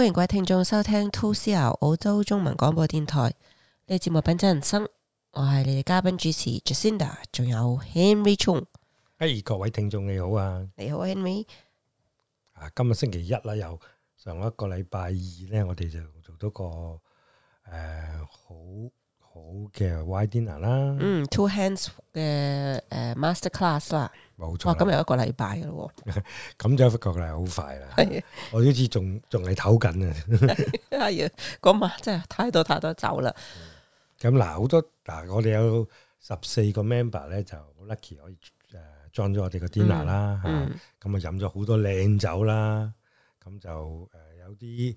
歡迎各位聽眾收聽 2CR 澳洲中文廣播電台呢、這個節目《品酒人生》，我係你哋嘉賓主持 Jacinda 仲有 Henry Chong。哎，各位聽眾你好啊！你好 Henry。啊、今日星期一啦，又上一個禮拜二呢，我哋就做到個誒、呃、好好嘅 wine dinner 啦。嗯，Two Hands 嘅、uh, uh, master class 啦。冇錯，哇！咁又一個禮拜噶咯喎，咁就發覺啦，好快啦。係，我好似仲仲係唞緊啊。係啊，嗰晚真係太多太多酒啦。咁嗱，好多嗱，我哋有十四個 member 咧，就 lucky 可以誒，裝咗我哋個 dinner 啦。嗯。咁啊，飲咗好多靚酒啦，咁就誒，有啲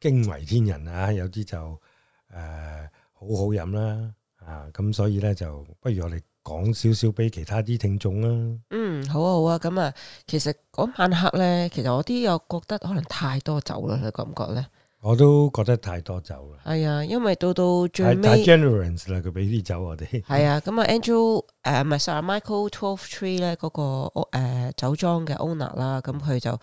誒驚為天人啊，有啲就誒好好飲啦。啊，咁所以咧，就不如我哋。講少少俾其他啲聽眾啦。嗯，好啊好啊，咁啊，其實嗰晚黑咧，其實我啲又覺得可能太多酒啦，你感覺唔覺咧？我都覺得太多酒啦，係啊、哎，因為到到最尾 generous 啦，佢俾啲酒我哋，係、 哎、啊，咁、那個、啊，Angel 誒，唔係 sorry，Michael Twelftree 咧嗰個誒酒莊嘅 owner 啦，咁佢就。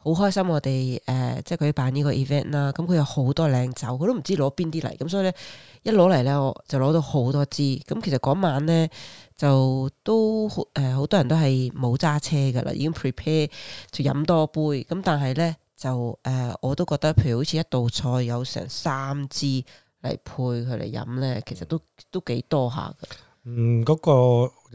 好開心我哋誒、呃，即係佢辦呢個 event 啦，咁、嗯、佢有好多靚酒，佢都唔知攞邊啲嚟，咁所以咧一攞嚟咧，我就攞到好多支。咁、嗯、其實嗰晚咧就都誒、好、呃、多人都係冇揸車噶啦，已經 prepare 就飲多杯。咁、嗯、但係咧就誒、呃，我都覺得譬如好似一道菜有成三支嚟配佢嚟飲咧，其實都都幾多下嘅。嗯，嗰、那個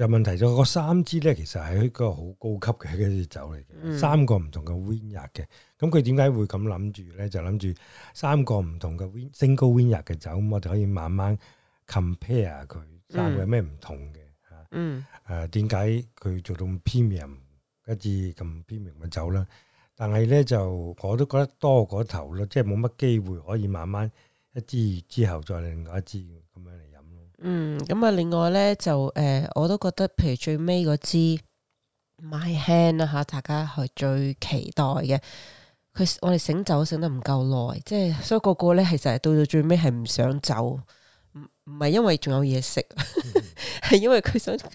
又問題咗，那個三支咧其實係一個好高級嘅一啲酒嚟嘅，嗯、三個唔同嘅 Win 日嘅，咁佢點解會咁諗住咧？就諗住三個唔同嘅 Win，升高 Win 日嘅酒，咁我就可以慢慢 compare 佢三個有咩唔同嘅吓、嗯，嗯，誒點解佢做到咁 premium，跟住咁 premium 嘅酒啦？但係咧就我都覺得多過頭咯，即係冇乜機會可以慢慢一支之後再另外一支咁樣嚟。嗯，咁啊，另外呢，就誒、呃，我都覺得，譬如最尾嗰支 Two Hands 啦吓，大家係最期待嘅。佢我哋醒酒醒得唔夠耐，即係所以個個呢，其實係到到最尾係唔想走，唔係因為仲有嘢食，係、嗯嗯、 因為佢想繼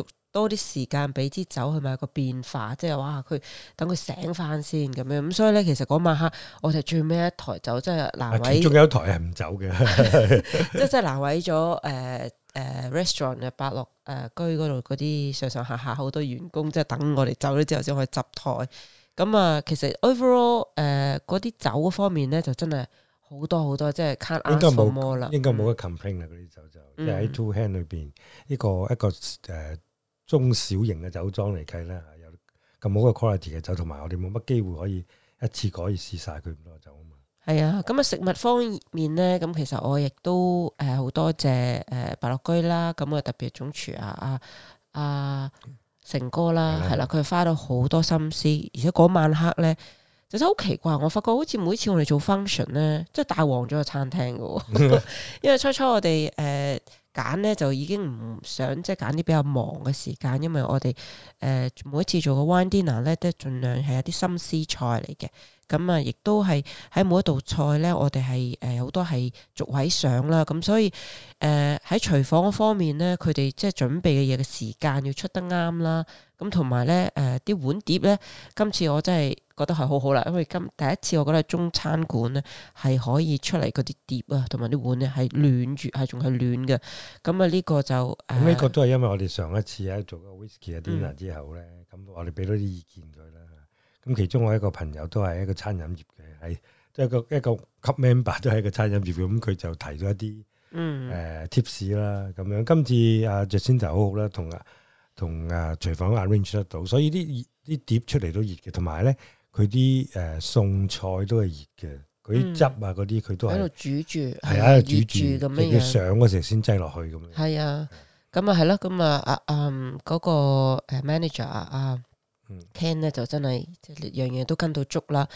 續。多啲時間俾支酒係咪有個變化？即係哇，佢等佢醒翻先咁樣咁，所以咧，其實嗰晚黑我哋最尾一台酒，即係難為。仲有一台係唔走嘅，即係真係難為咗誒誒 restaurant 嘅八六誒居嗰度嗰啲上上下下好多員工，即係等我哋走咗之後先可以執台。咁啊，其實 overall 誒嗰啲酒方面咧，就真係好多好多，即係 cut。應該冇啦，應該冇嘅 complain 啦。嗰啲酒就即係 Two Hands 裏邊呢個一個誒。中小型嘅酒莊嚟計咧，有咁好嘅 quality 嘅酒，同埋我哋冇乜機會可以一次過可以試晒佢咁多酒啊嘛。係啊，咁啊，食物方面咧，咁其實我亦都誒好多謝誒白樂居啦，咁啊特別總廚啊啊阿成哥啦，係啦、啊，佢、啊、花咗好多心思，而且嗰晚黑咧，其實好奇怪，我發覺好似每次我哋做 function 咧，即係大旺咗個餐廳噶， 因為初初我哋誒。呃揀呢就已經唔想即係揀啲比較忙嘅時間，因為我哋，呃、每次做個 wine dinner 呢，都係盡量係一啲心思菜嚟嘅。咁啊，亦都係喺每一道菜咧，我哋係誒好多係逐位上啦。咁所以誒喺廚房方面咧，佢哋即係準備嘅嘢嘅時間要出得啱啦。咁同埋咧誒啲碗碟咧，今次我真係覺得係好好啦，因為今第一次我覺得中餐館咧係可以出嚟嗰啲碟啊，同埋啲碗咧係暖住，係仲係暖嘅。咁啊呢個就呢個都係因為我哋上一次喺、啊、做威士忌一個 whisky 嘅 dinner 之後咧，咁、嗯、我哋俾多啲意見佢啦。咁其中我一個朋友都係一個餐飲業嘅，係即係個一個 member 都係一個餐飲業咁，佢就提咗一啲嗯誒 tips、呃、啦，咁樣今次阿 Jacinda 就好好啦，同啊同啊廚房 arrange 得到，所以啲啲碟出嚟都熱嘅，同埋咧佢啲誒餸菜，都係熱嘅，嗰啲汁啊嗰啲佢都喺度、嗯、煮住，係喺度煮住咁樣上嗰時先擠落去咁樣。係啊，咁啊係咯，咁啊啊嗯嗰、啊啊啊啊嗰個誒 manager 啊。聽咧就真係即係樣樣都跟到足啦。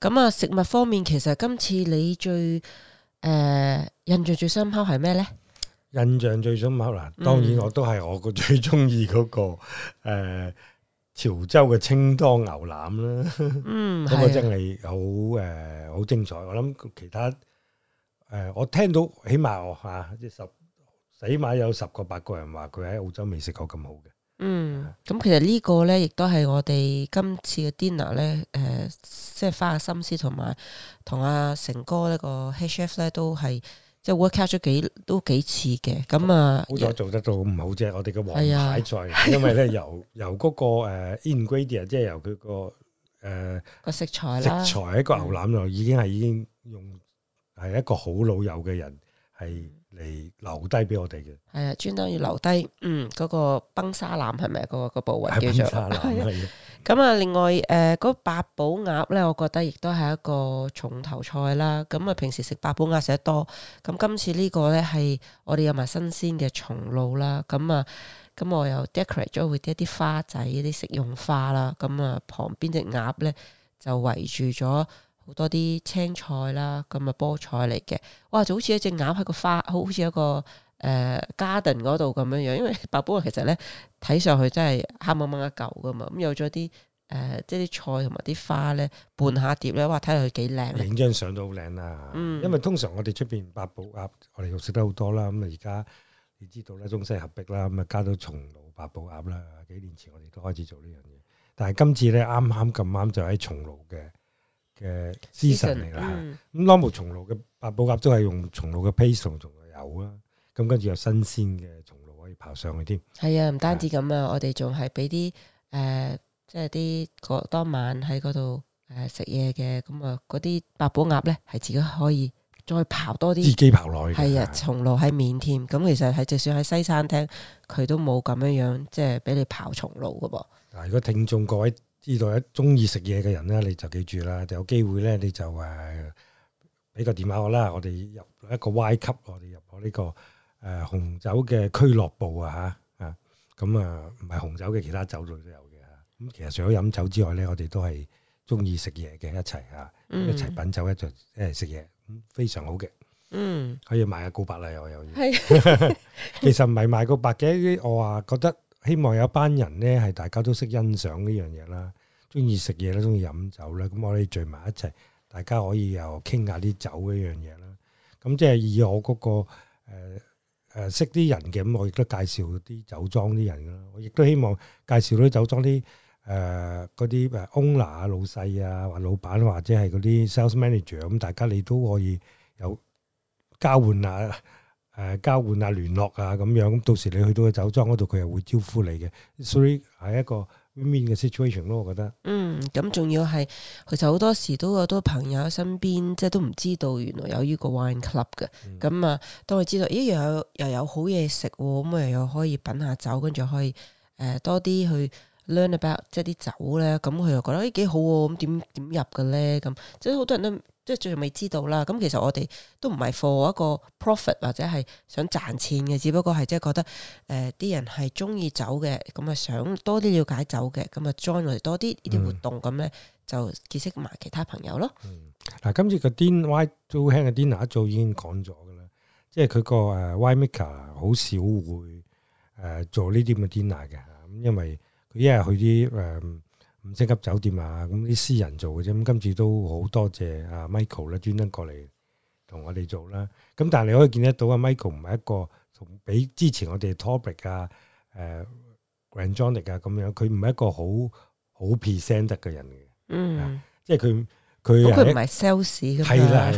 咁啊，食物方面其實今次你最誒印象最深刻係咩咧？印象最深刻啦，當然我都係我個最中意嗰個誒潮州嘅清湯牛腩啦。嗯，嗰個真係好誒好精彩。我諗其他誒我聽到起碼我即十死，起碼有十個八個人話佢喺澳洲未食過咁好嘅。嗯，咁其實個呢個咧，亦都係我哋今次嘅 dinner 咧、呃，誒，即係花下心思同埋同阿成哥呢個 head chef 咧，都係即係 work out 咗幾都幾次嘅。咁啊，好彩做得到唔好啫，我哋嘅王牌菜，是啊、因為咧由由嗰、那個、uh, ingredient，即係由佢個誒個食材啦，食材喺一個牛腩度已經係已經用係一個好老友嘅人係。係留低俾我哋嘅，係啊，專登要留低，嗯，嗰個崩沙腩係咪嗰個部位叫做崩沙腩係啊？咁啊， 另外誒，嗰八寶鴨咧，我覺得亦都係一個重頭菜啦。咁啊，平時食八寶鴨食得多，咁今次呢個咧係我哋有埋新鮮嘅松露啦。咁啊，咁我又 decorate 咗佢啲一啲花仔、一啲食用花啦。咁啊，旁邊隻鴨咧就圍住咗，好多啲青菜啦，咁啊，菠菜嚟嘅，哇就好似一隻鴨喺個花，好似一個誒 garden 嗰度咁樣樣。因為八寶鴨其實咧睇上去真係黑掹掹、嗯、一嚿噶嘛，咁有咗啲誒，即係啲菜同埋啲花咧拌下碟咧，哇睇落去幾靚，影張相都好靚啊！嗯、因為通常我哋出邊八寶鴨，我哋又食得好多啦。咁啊而家你知道咧中西合璧啦，咁啊加到松露八寶鴨啦。幾年前我哋都開始做呢樣嘢，但係今次咧啱啱咁啱就喺松露嘅。嘅精神嚟啦，咁多木松露嘅八寶鴨都係用松露嘅皮同松露油啦，咁跟住有新鮮嘅松露可以刨上去添。係啊，唔單止咁啊，我哋仲係俾啲誒，即係啲嗰當晚喺嗰度誒食嘢嘅，咁啊嗰啲八寶鴨咧，係自己可以再刨多啲，自己刨落去？係啊，松露喺面添。咁、嗯、其實係，就算喺西餐廳，佢都冇咁樣樣，即係俾你刨松露噶噃。嗱，如果聽眾各位。知道一鍾意食嘢嘅人咧，你就記住啦，就有機會咧，你就誒俾、啊、個電話我啦，我哋入一個 Y 級，我哋入我呢、這個誒、呃、紅酒嘅俱樂部啊嚇啊，咁啊唔係、啊、紅酒嘅其他酒類都有嘅，咁其實除咗飲酒之外咧，我哋都係鍾意食嘢嘅一齊嚇，一齊、嗯、品酒一齊一食嘢，咁非常好嘅。嗯，可以買個告白啦，又又，其實唔係買個告白嘅，我話覺得。希望有一班人咧，係大家都識欣賞呢樣嘢啦，中意食嘢啦，中意飲酒啦，咁我哋聚埋一齊，大家可以又傾下啲酒呢樣嘢啦。咁即係以我嗰個誒誒、呃啊、識啲人嘅，咁我亦都介紹啲酒莊啲人啦。我亦都希望介紹到啲酒莊啲誒嗰啲誒 owner 啊老細啊或老闆或者係嗰啲 sales manager 咁，大家你都可以有交換下。誒交換啊聯絡啊咁樣，咁到時你去到酒莊嗰度，佢又會招呼你嘅。所以係一個 win 嘅 situation 咯，嗯、我覺得。嗯，咁仲、嗯、要係其實好多時都有好多朋友喺身邊，即係都唔知道原來有呢個 wine club 嘅。咁啊、嗯嗯，當佢知道咦又有又有好嘢食喎，咁啊又可以品下酒，跟住可以誒多啲去 learn about 即係啲酒咧。咁佢又覺得誒幾、哎、好喎，咁點點入嘅咧？咁即係好多人都。即係最未知道啦，咁其實我哋都唔係 for 一個 profit 或者係想賺錢嘅，只不過係即係覺得誒啲、呃、人係中意酒嘅，咁、呃、啊想多啲了解酒嘅，咁啊 join 我哋多啲呢啲活動，咁咧、嗯、就結識埋其他朋友咯。嗱、嗯，今次個 dinner 都好輕嘅 dinner，一早已經講咗噶啦，即係佢個 h Winemaker 好少會誒、呃、做呢啲咁嘅 dinner 嘅嚇，咁因為佢一係佢啲誒。呃五星級酒店啊，咁啲私人做嘅啫。咁今次都好多謝啊 Michael 咧，專登過嚟同我哋做啦。咁但係你可以見得到啊，Michael 唔係一個同比之前我哋 topic 啊、誒 Grandjohnny 啊咁樣，佢唔係一個好好 present 嘅人嘅。嗯，即係佢佢。咁佢唔係 sales 嘅。係啦，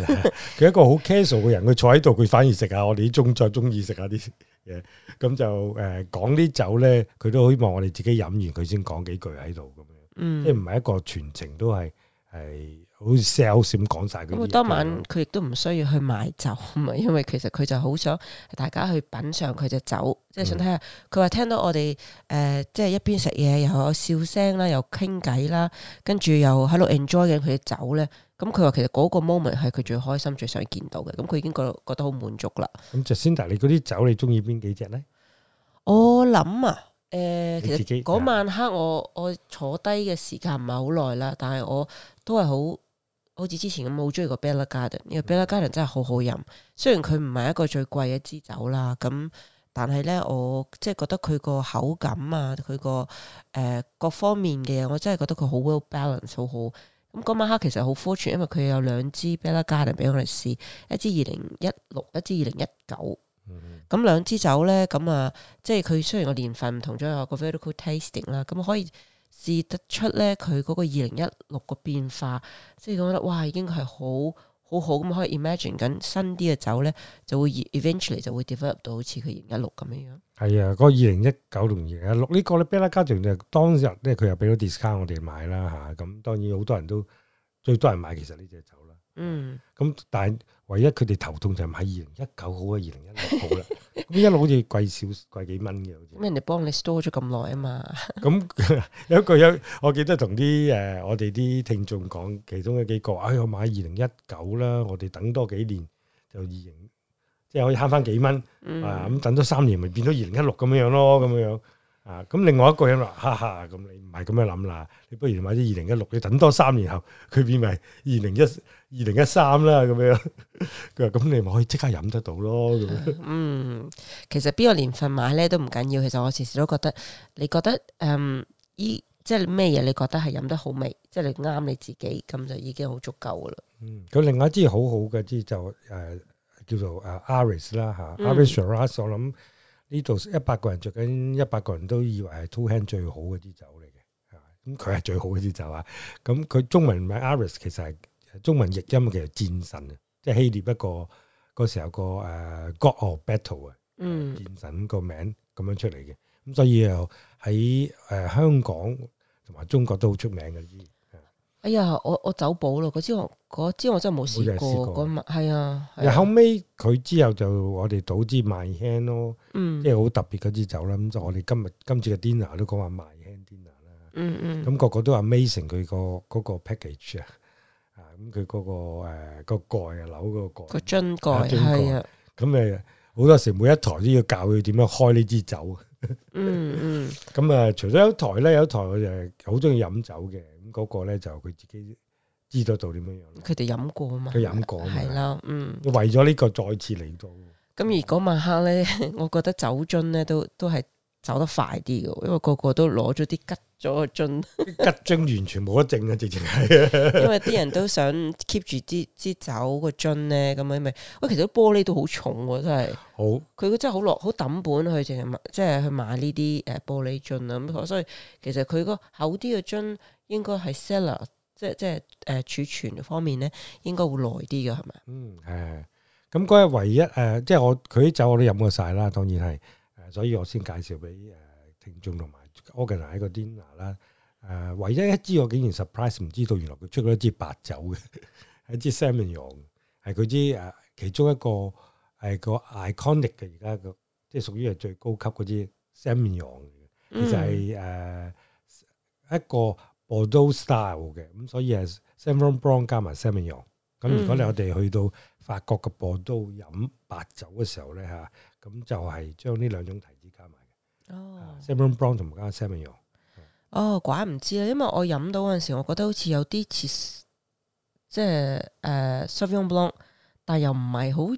佢係一個好 casual 嘅人，佢坐喺度，佢反而食下我哋啲中菜，中意食下啲嘢。咁就誒講啲酒咧，佢都希望我哋自己飲完，佢先講幾句喺度嘅。嗯、即係唔係一個全程都係係好似 sales 咁講晒嘅。咁當晚佢亦都唔需要去賣酒，咪因為其實佢就好想大家去品嘗佢隻酒，即係想睇下佢話聽到我哋誒，即、呃、係、就是、一邊食嘢又有笑聲啦，又傾偈啦，跟住又喺度 enjoy 緊佢嘅酒咧。咁佢話其實嗰個 moment 係佢最開心、最想見到嘅。咁佢已經覺得覺得好滿足啦。咁就先 Jacinda，你嗰啲酒你中意邊幾隻咧？我諗啊。誒、呃，其實嗰晚黑我我坐低嘅時間唔係好耐啦，但係我都係好好似之前咁好中意個 Bella Garden，因為 Bella Garden 真係好好飲。雖然佢唔係一個最貴嘅一支酒啦，咁但係咧我即係覺得佢個口感啊，佢個誒各方面嘅，我真係覺得佢好 well balanced，好好。咁嗰晚黑其實好 fortune，因為佢有兩支 Bella Garden 俾我哋試，一支二零一六，一支二零一九。咁兩支酒咧，咁啊，即係佢雖然個年份唔同咗，有個 vertical tasting 啦，咁可以試得出咧，佢嗰個二零一六個變化，即係我覺得哇，已經係好好好咁可以 imagine 緊新啲嘅酒咧，就會 eventually 就會 develop 到好似佢二零一六咁樣。係啊，嗰個二零一九同二零一六呢個呢，貝拉家族就當日咧，佢又俾咗 discount 我哋買啦吓，咁當然好多人都最多人買，其實呢隻酒。嗯，咁但係唯一佢哋頭痛就係買二零 一九好啊，二零一六好啦，咁一路好似貴少貴幾蚊嘅，好似咩人哋幫你 store 咗咁耐啊嘛，咁有一個有我記得同啲誒我哋啲聽眾講，其中嘅幾個，哎我買二零一九啦，我哋等多幾年就二零，即係可以慳翻幾蚊、嗯、啊，咁等多三年咪變咗二零一六咁樣樣咯，咁樣樣。啊！咁另外一個人話：哈哈，咁你唔係咁樣諗啦，你不如買啲二零一六，你等多三年後，佢變為二零一二零一三啦，咁樣。佢話：咁你咪可以即刻飲得到咯。咁樣。嗯，其實邊個年份買咧都唔緊要。其實我時時都覺得，你覺得誒依、嗯、即係咩嘢？你覺得係飲得好味，即係你啱你自己，咁就已經好足夠噶啦。嗯，佢另外一支好好嘅支就誒、呃、叫做誒 Arris 啦嚇 Arris，我諗。呢度一百個人着緊，一百個人都以為係 Two Hand 最好嗰啲酒嚟嘅，係嘛？咁佢係最好嗰啲酒啊！咁佢中文名 Aris 其實係中文譯音，其實戰神啊，即係希臘一個嗰時候個誒 God of Battle 啊、嗯，戰神個名咁樣出嚟嘅。咁所以又喺誒香港同埋中國都好出名嘅。哎呀，我我走寶咯，嗰支我嗰支我真係冇試過，嗰晚係啊。然、啊、後尾佢之後就我哋倒支 h Two Hands 咯，嗯，即係好特別嗰支酒啦。咁就我哋今日今次嘅 dinner 都講話 Two Hands dinner d 啦，咁個個都話 amazing 佢個嗰 package 啊，咁佢嗰個誒個蓋，子蓋子啊，扭嗰個個樽蓋係啊。咁誒好多時每一台都要教佢點樣開呢支酒。嗯 嗯，咁、嗯、啊，嗯嗯、除咗有台咧，有一台我誒好中意飲酒嘅，咁、那、嗰個咧就佢自己知道到點樣樣。佢哋飲過啊嘛，佢飲過係啦，嗯。為咗呢個再次嚟到，咁、嗯嗯、而嗰晚黑咧，我覺得酒樽咧都都係。走得快啲嘅，因為個個都攞咗啲吉咗個樽，吉樽完全冇得剩啊！直情係，因為啲人都想 keep 住支支酒個樽咧，咁樣咪，喂，其實玻璃都好重喎，真係，好，佢真係好落好抌本去，即係去買呢啲誒玻璃樽啊咁，所以其實佢個厚啲嘅樽應該係 seller，即係即係誒儲存方面咧，應該會耐啲嘅，係咪？嗯，係，咁嗰日唯一誒、呃，即係我佢啲酒我都飲過晒啦，當然係。所以我先介紹俾誒聽眾同埋 organize 個 dinner 啦。誒，唯一一支我竟然 surprise 唔知道，原來佢出咗一支白酒嘅，一支 Semillon，係佢啲其中一個係個 iconic 嘅而家個，即係屬於係最高級嗰啲 Semillon。其實係誒、呃、一個 Bordeaux style 嘅，咁、呃、所以係 Sauvignon Blanc 加埋 Semillon、嗯。咁、嗯、如果你我哋去到法國嘅 Bordeaux 飲白酒嘅時候咧嚇。啊咁就係將呢兩種提子加埋嘅。哦。Sauvignon Blanc 同埋加 Semillon。哦，怪唔知啦，因為我飲到嗰陣時，我覺得好似有啲似，即係誒 Sauvignon Blanc 但又唔係好，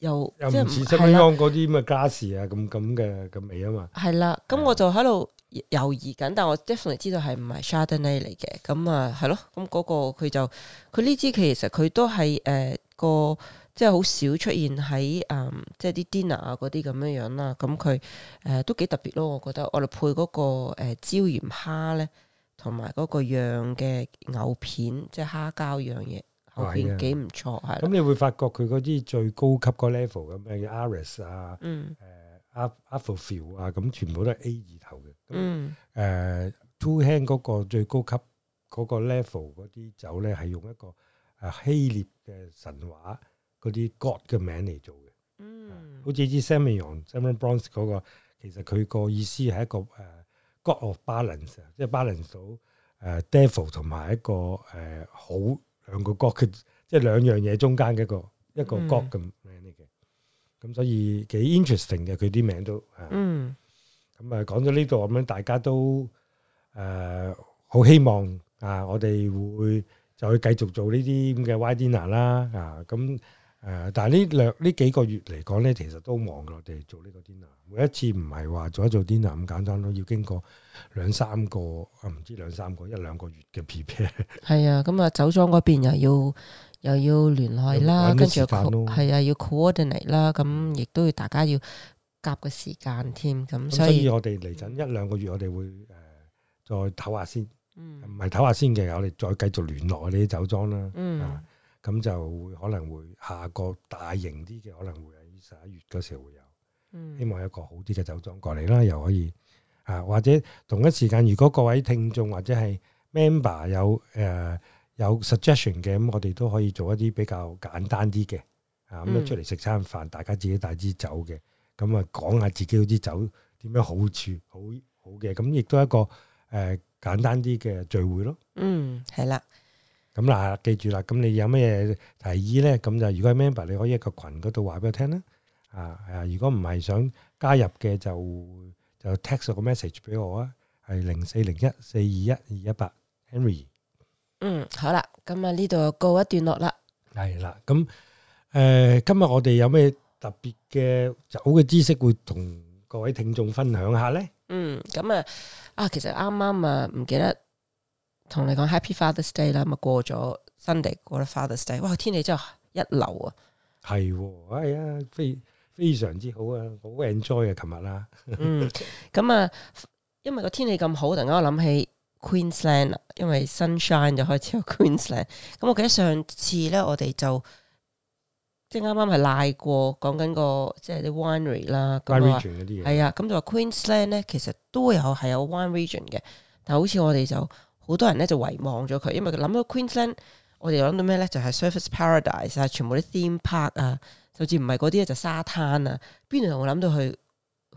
又又唔似 Semillon 嗰啲咩加士啊咁咁嘅嘅味啊嘛。係啦，咁啦我就喺度猶豫緊，啦但我 definitely 知道係唔係 Chardonnay 嚟嘅。咁啊，係咯，咁嗰個佢就佢呢支其實佢都係誒個。呃呃嗯即係好少出現喺誒、嗯，即係啲 dinner 啊嗰啲咁樣樣啦。咁佢誒都幾特別咯，我覺得我哋配嗰、那個、呃、椒鹽蝦咧，同埋嗰個釀嘅藕片，即係蝦膠樣嘢，藕片幾唔錯。係咁，你會發覺佢嗰啲最高級個 level 咁樣嘅 Ares 啊，誒 Up f u l f i l l 啊，咁、啊、全部都係 A 字頭嘅、嗯嗯。嗯，誒 Two Hands 嗰個最高級嗰個 level 嗰啲酒咧，係用一個誒希臘嘅神話。嗰啲 god 嘅名嚟做嘅，嗯，好似啲 Samuel、Samuel Bronze 嗰個，其實佢個意思係一個誒 god of balance，即係 balance 到誒 devil 同埋一個誒好兩個 god，即係兩樣嘢中間嘅一個一個 god 咁名嚟嘅。咁、嗯、所以幾 interesting 嘅，佢啲名都，嗯，咁啊講到呢度咁樣，大家都誒好、呃、希望啊，我哋會就去繼續做呢啲咁嘅 wine dinner 啦，啊咁。啊嗯誒、呃，但係呢兩呢幾個月嚟講咧，其實都忙㗎。我哋做呢個 dinner，每一次唔係話做一做 dinner 咁簡單咯，要經過兩三個啊，唔知兩三個一兩個月嘅 prepare 係啊，咁、嗯、啊酒莊嗰邊又要又要聯繫啦，啦跟住又 call 係啊，要 coordinate 啦。咁、嗯、亦、嗯、都要大家要夾個時間添。咁所，所以我哋嚟緊一兩個月我，我哋會誒再唞下先，唔係唞下先嘅，我哋再繼續聯絡嗰啲酒莊啦。嗯。嗯咁就會可能會下個大型啲嘅，可能會喺十一月嗰時候會有，希望有一個好啲嘅酒莊過嚟啦，又可以啊，或者同一時間，如果各位聽眾或者係 member 有誒、呃、有 suggestion 嘅，咁、嗯、我哋都可以做一啲比較簡單啲嘅啊，咁、嗯、出嚟食餐飯，大家自己帶支酒嘅，咁啊講下自己嗰啲酒點樣好處，好好嘅，咁亦都係一個誒簡單啲嘅聚會咯。嗯，係、嗯、啦。咁嗱，記住啦！咁你有咩提議咧？咁就如果係 member，你可以喺個群嗰度話俾我聽啦。啊，係啊！如果唔係想加入嘅，就就 text 個 message 俾我啊，係零四零一四二一二一八 Henry。嗯，好啦，咁啊呢度又告一段落啦。係啦，咁誒、呃，今日我哋有咩特別嘅酒嘅知識會同各位聽眾分享下咧？嗯，咁啊啊，其實啱啱啊，唔記得。同你講 Happy Father's Day 啦，咁啊過咗 Sunday，過咗 Father's Day，哇天氣真係一流啊！係，係 啊樂，非、哎、非常之好啊，好 enjoy 啊，琴日啦。嗯，咁啊，因為個天氣咁好，突然間我諗起 Queensland 因為 sunshine 就開始有 Queensland。咁我記得上次咧，我哋就即係啱啱係瀨過，講緊個即係啲 winery 啦，啲、就是、啊，係啊，咁就話 Queensland 咧，其實都有係有 wine region 嘅，但好似我哋就。好多人咧就遺忘咗佢，因為佢諗到 Queensland，我哋又諗到咩咧？就係、是、Surfers Paradise 啊，全部啲 theme park 啊，甚至唔係嗰啲咧就是、沙灘啊，邊度同會諗到去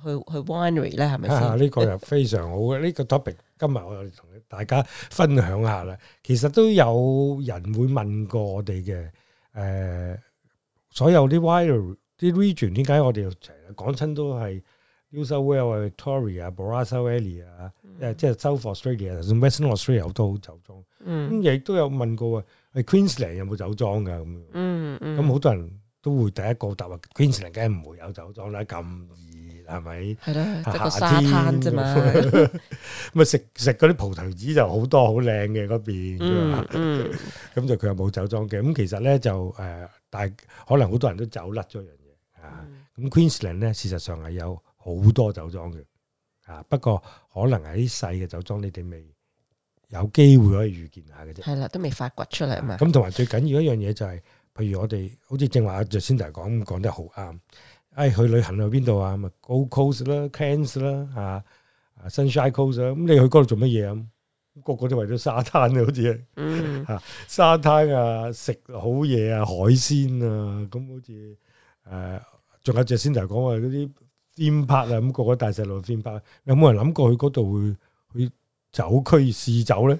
去去 Winery 咧？係咪？呢個又非常好嘅，呢、呃、個 topic 今日我哋同大家分享下啦。其實都有人會問過我哋嘅，誒、呃，所有啲 Winery 啲 Region 點解我哋成日講親都係？澳洲會有 Victoria 啊、Barossa Valley 啊、誒即係 South Australia，就算 Western Australia 都好酒莊。咁亦都有問過話，Queensland 有冇酒莊噶咁？嗯嗯。咁好多人都會第一個答話 Queensland 梗係唔會有酒莊啦，咁易係咪？係咯，一個沙灘啫嘛。咁啊食食嗰啲葡萄籽就好多好靚嘅嗰邊，咁就佢又冇酒莊嘅。咁其實咧就誒，但係可能好多人都走甩咗樣嘢啊。咁 Queensland 咧，事實上係有。好多酒莊嘅，啊，不過可能喺細嘅酒莊，你哋未有機會可以預見下嘅啫。係啦，都未發掘出嚟啊嘛。咁同埋最緊要一樣嘢就係，譬如我哋好似正話阿 Jacinda 講咁講得好啱。哎，去旅行去邊度啊？咪 Gold Coast 啦，Cairns 啦，啊啊 Sunshine Coast 咁。你去嗰度做乜嘢啊？個個都為咗沙灘啊，好似嗯啊，沙灘啊，食好嘢啊，海鮮啊，咁好似誒，仲有 Jacinda 講啊嗰啲。偏拍啊，咁個個大細路先拍，有冇人諗過去嗰度會去酒區試酒咧？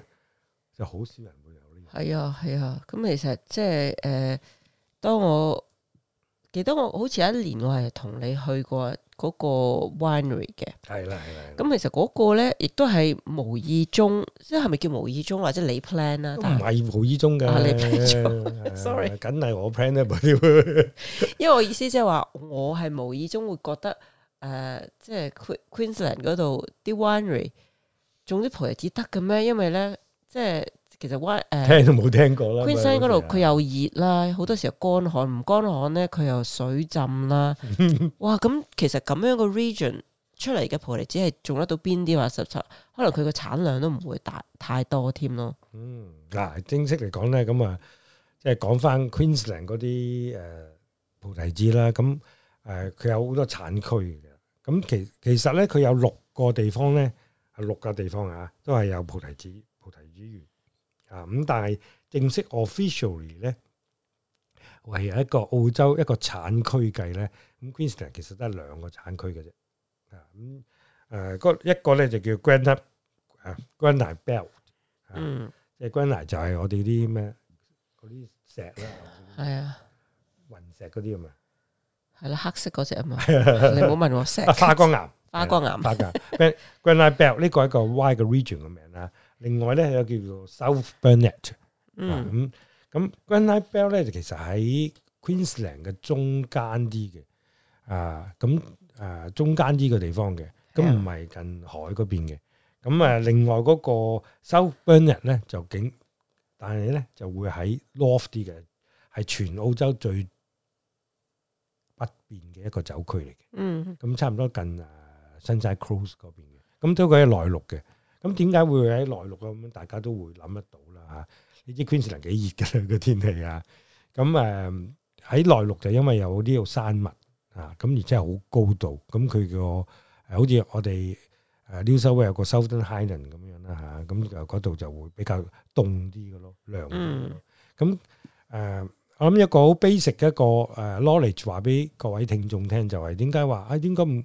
就好少人會有呢個。係啊，係啊，咁其實即係誒，當我記得我好似有一年我係同你去過嗰個 winery 嘅。係啦，係啦。咁其實嗰個咧，亦都係無意中，即係咪叫無意中，或者你 plan 啦？唔係無意中嘅、啊。你 plan 噶 ，sorry，梗係我 plan 啦。 因為我意思即係話，我係無意中會覺得。誒、呃，即係 Queensland 嗰度啲 winery 種啲菩提子得嘅咩？因為咧，即係其實 wine 誒聽都都冇聽過、呃、啦。Queensland 嗰度佢又熱啦，好多時候乾旱，唔乾旱咧佢又水浸啦。 哇！咁其實咁樣個 region 出嚟嘅菩提子係種得到邊啲話十七？17，可能佢個產量都唔會大太多添咯。嗯，嗱正式嚟講咧，咁啊，即係講翻 Queensland 嗰啲誒菩提子啦。咁誒，佢、呃、有好多產區。咁其其實咧，佢有六個地方咧，係六個地方啊，都係有菩提子、菩提子園啊。咁但係正式 officially 咧，唯有一個澳洲一個產區計咧，咁 Queensland 其實得兩個產區嘅啫。啊咁誒，嗰一個咧就叫 Granite 啊，Granite Belt。嗯，即係 Granite 就係我哋啲咩嗰啲石啦，係啊，雲石嗰啲咁啊。係啦，黑色嗰隻啊嘛，你唔好問我色。花崗岩，花崗岩，花崗。Granite Belt 呢個係一個 wide 嘅 region 嘅名啦。另外咧有叫做 South Burnett。嗯。咁咁 Granite Belt 咧就其實喺 Queensland 嘅中間啲嘅。啊，咁啊，中間呢個地方嘅，咁唔係近海嗰邊嘅。咁啊，另外嗰個 South Burnett 咧就景，但係咧就會喺 north 啲嘅，係全澳洲最。北邊嘅一個酒區嚟嘅，咁差唔多近誒新山 cross 嗰邊嘅，咁都喺內陸嘅。咁點解會喺內陸啊？咁大家都會諗得到啦嚇。你知 Queensland 幾熱㗎啦個天氣啊！咁誒喺內陸就因為有啲嘅山脈嚇，咁而真係好高度，咁佢個好似我哋 New South Wales 個 Southern Highland 咁樣啦嚇，咁就嗰度就會比較凍啲嘅咯，涼啲。嗯，咁誒。我諗一個好 basic 嘅一個誒 knowledge，話俾各位聽眾聽就係點解話啊？點解唔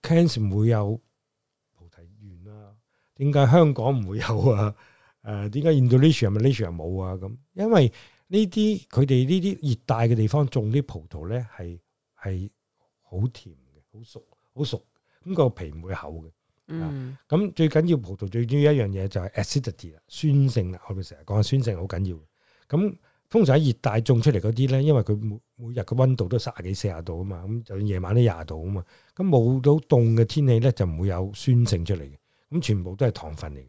Cancer 會有葡萄園啊？點解香港唔會有啊？誒、呃、點解 Indonesia Malaysia 冇啊？咁因為呢啲佢哋呢啲熱帶嘅地方種啲葡萄咧，係係好甜嘅，好熟好熟，咁個皮唔會厚嘅、嗯啊。嗯。咁最緊要葡萄最緊要一樣嘢就係 acidity 啦，酸性啦。我哋成日講酸性好緊要。咁通常喺熱帶種出嚟嗰啲咧，因為佢每每日嘅溫度都三十幾四十度啊嘛，咁就算夜晚都廿度啊嘛，咁冇到凍嘅天氣咧就唔會有酸性出嚟嘅，咁全部都係糖分嚟嘅，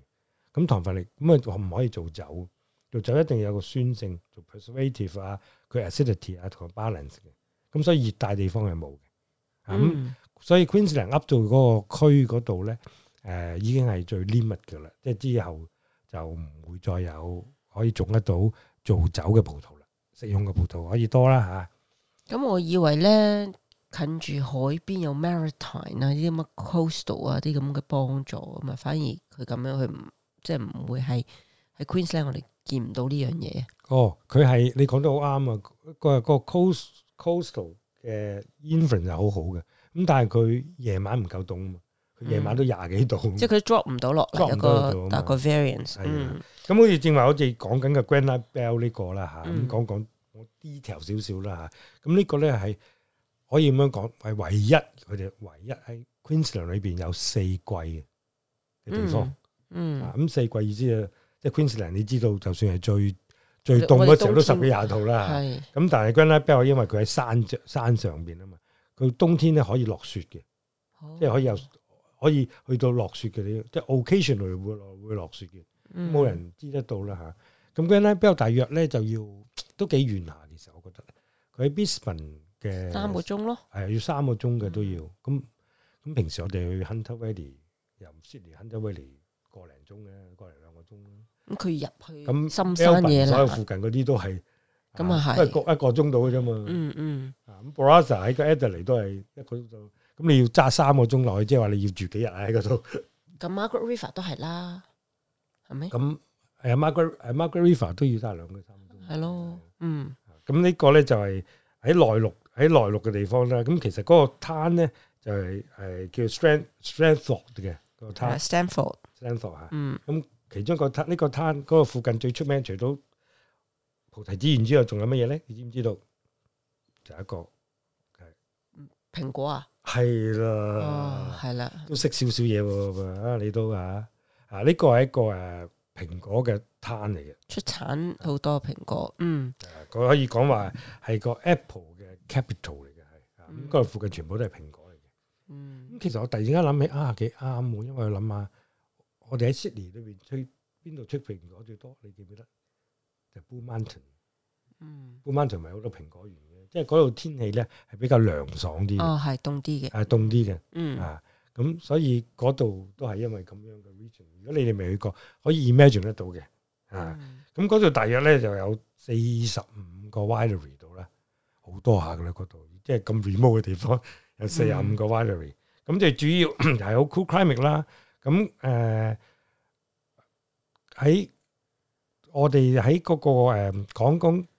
咁糖分嚟，咁啊唔可以做酒？做酒一定有個酸性，做 preservative 啊，佢 acidity 啊同埋 balance 嘅，咁所以熱帶地方係冇嘅，咁、嗯、所以 Queensland up 到嗰個區嗰度咧，誒已經係最 limit 嘅啦，即係之後就唔會再有可以種得到。做酒嘅葡萄啦，食用嘅葡萄可以多啦吓，咁、啊、我以為咧近住海邊有 maritime 啊，啲咁嘅 coastal 啊，啲咁嘅幫助啊嘛，反而佢咁樣佢唔即係唔會係喺 Queensland 我哋見唔到呢樣嘢。哦，佢係你講得好啱啊！個個 coast coastal 嘅 inference 係好好嘅，咁但係佢夜晚唔夠凍啊嘛。夜晚都廿幾度，即係佢 drop 唔到落嚟一個大個 variance。係咁，好似正話，好似講緊嘅 Granite Belt 呢個啦吓，咁講講我 detail 少少啦吓。咁呢個咧係可以咁樣講，係唯一佢哋唯一喺 Queensland 裏邊有四季嘅地方。嗯，咁四季意思啊，即係 Queensland，你知道就算係最最凍嗰時候都十幾廿度啦。係咁，但係 Granite Belt 因為佢喺山着山上邊啊嘛，佢冬天咧可以落雪嘅，即係可以有。可以去到落雪嘅啲，即係 occasionally 會落會落雪嘅，冇人知得到啦嚇。咁跟咧比較大約咧就要都幾遠下嘅，其實我覺得佢喺 Brisbane 嘅三個鐘咯，係要三個鐘嘅都要。咁咁平時我哋去 Hunter Valley 由悉尼 Hunter Valley 個零鐘咧，個零兩個鐘咯。咁佢入去咁深山嘢啦。所有附近嗰啲都係咁啊，係一個一個鐘到嘅啫嘛。嗯嗯。啊咁，Brisbane 喺個 Adelaide 都係一個鐘就。咁你要揸三個鐘落去，即係話你要住幾日喺嗰度，咁 Margaret River 都係啦，係咪？咁係啊，Margaret，Margaret Mar River 都要揸兩三個鐘，係咯，嗯。咁呢個咧就係喺內陸，喺內陸嘅地方啦。咁其實嗰個灘咧就係、是、係叫 Stan、那個、Stanford 嘅個灘，Stanford，Stanford 吓。Stanford，嗯。咁其中個灘，呢、這個灘嗰、那個附近最出名，除咗菩提資源之外，仲有乜嘢咧？你知唔知道？就是、一個係蘋果啊。係啦，係啦，都識少少嘢喎啊！你都啊啊呢個係一個誒蘋果嘅攤嚟嘅，出產好多蘋果。嗯，佢可以講話係個 Apple 嘅 Capital 嚟嘅，係咁。嗰度附近全部都係蘋果嚟嘅。嗯，咁其實我突然間諗起啊，幾啱喎，因為諗下我哋喺 Sydney 裏邊出邊度出蘋果最多，你記唔記得？就 Blue Mountain，嗯，Blue Mountain 咪好多蘋果園。即係嗰度天氣咧係比較涼爽啲，哦係凍啲嘅，係凍啲嘅，嗯啊，咁所以嗰度都係因為咁樣嘅 region。如果你哋未去過，可以 imagine 得到嘅，啊，咁嗰度大約咧就有四十五個 winery 度啦，好多下噶啦嗰度，即係咁 remote 嘅地方有四十五個 winery、嗯。咁即係主要係好 cool climate 啦。咁誒喺我哋喺嗰個誒講、呃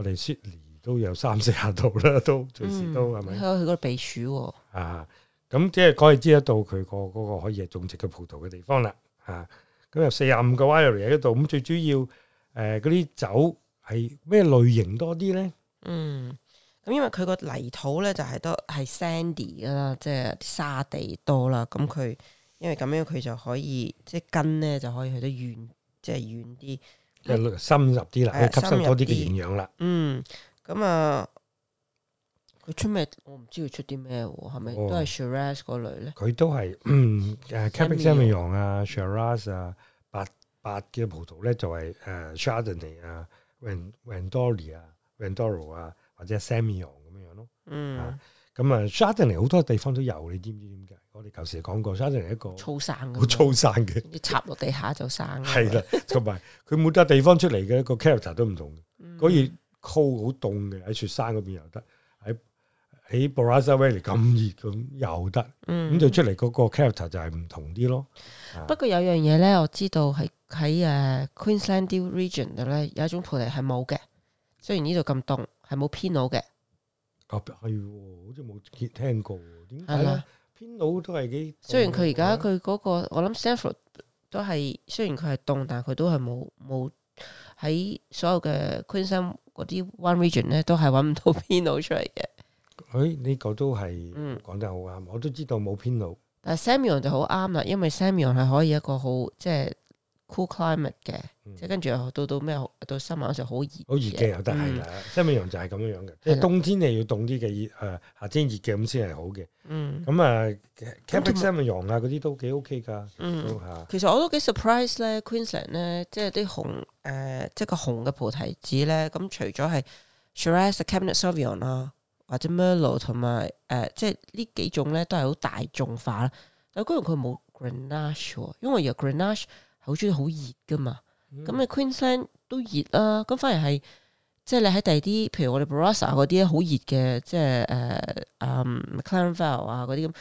我哋雪梨都有三四十度啦，都隨時都係咪？喺去嗰度避暑。啊，咁即係可以知得到佢個嗰個可以種植嘅葡萄嘅地方啦。啊，咁有四十五個 Winery 喺度。咁最主要，誒、呃，嗰啲酒係咩類型多啲咧？嗯，咁因為佢個泥土咧就係都係 Sandy 啦，即係、就是、沙地多啦。咁佢因為咁樣，佢就可以即係根咧就可以去得遠，即係遠啲。深入啲喇，可以吸收多啲嘅營養喇。咁啊，佢出咩？我唔知佢出啲咩喎，係咪？都係 Shiraz 嗰類呢？佢都係 Cabernet Sauvignon 啊，Shiraz 啊，白白嘅葡萄呢，就係 Chardonnay 啊，Verdelho 啊，Verdelho 啊，或者係 Semillon 咁樣囉。咁啊，Chardonnay 好多地方都有，你知唔知點解？我哋舊時講過，山城係一個粗生好粗生嘅，你插落地下就生。係啦 同埋佢每笪地方出嚟嘅，一個 character 都唔同。嗰熱 cold 好凍嘅，喺雪山嗰邊又得，喺喺 Barossa Valley 咁熱咁又得。咁、嗯、就出嚟嗰個 character 就係唔同啲咯。嗯、不過有樣嘢咧，我知道喺喺誒 Queensland、Deal、Region 度咧，有一種葡萄係冇嘅。雖然呢度咁凍，係冇 Pinot 嘅。係喎、哎，好似冇聽過，點解咧？Pinot 都係幾、啊那個，雖然佢而家佢嗰個我諗 Sandro 都係，雖然佢係凍，但係佢都係冇冇喺所有嘅 Queensland 嗰啲 One Region 咧，都係揾唔到 Pinot 出嚟嘅。誒、哎，呢、這個都係講、嗯、得好啱，我都知道冇 Pinot。但係 Semillon 就好啱啦，因為 Semillon 係可以一個好即係。Cool climate 嘅，即係跟住又到到咩？到新馬嗰時好熱，好熱嘅又得係啦。西米陽就係咁樣樣嘅，即係冬天你要凍啲嘅，誒夏天熱嘅咁先係好嘅。嗯，咁啊 Cabernet Sauvignon 啊嗰啲都幾 OK 噶。嗯，其實我都幾 surprise 咧，Queensland 咧，即係啲紅誒，即係個紅嘅菩提子咧。咁除咗係 Shiraz、Cabernet Sauvignon 啊，或者 Merlot 同埋誒，即係呢幾種咧都係好大眾化啦。但居然佢冇 Grenache，因為有 Grenache 好中意好熱噶嘛，咁啊、嗯、Queensland 都熱啦、啊，咁反而係即係你喺第二啲，譬如我哋 Barossa 嗰啲好熱嘅，即係誒，Clare Valley 啊嗰啲咁，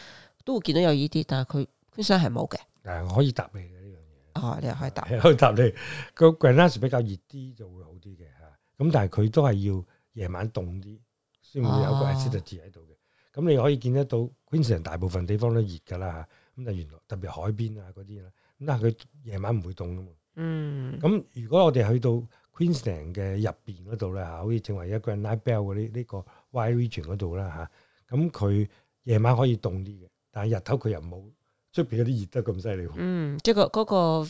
都會見到有呢啲，但係佢 Queensland 係冇嘅。嗯、我可以搭你嘅呢樣嘢。哦、啊，你又可以答你，可以搭你，你。個 Granite 比較熱啲就會好啲嘅嚇，咁但係佢都係要夜晚凍啲先會有個 acidity 喺度嘅。咁、啊、你可以見得到 Queensland 大部分地方都熱噶啦嚇，咁但係原來特別海邊啊嗰啲啊。嗱，佢夜晚唔會凍噶嘛。嗯。咁如果我哋去到 Queensland 嘅入邊嗰度咧嚇，好似成為一個 Granite Belt 嘅呢呢個 wine region 嗰度啦嚇。咁佢夜晚可以凍啲嘅，但係日頭佢又冇出邊嗰啲熱得咁犀利。嗯，即、這、係個嗰、這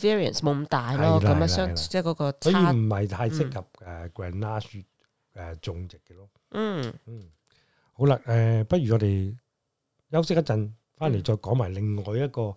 個 variance 冇咁大咯。咁啦相啦。即係嗰個所以唔係太適合誒 granite 雪誒種植嘅咯。嗯嗯，好啦，誒、呃，不如我哋休息一陣，翻嚟再講埋另外一個、嗯。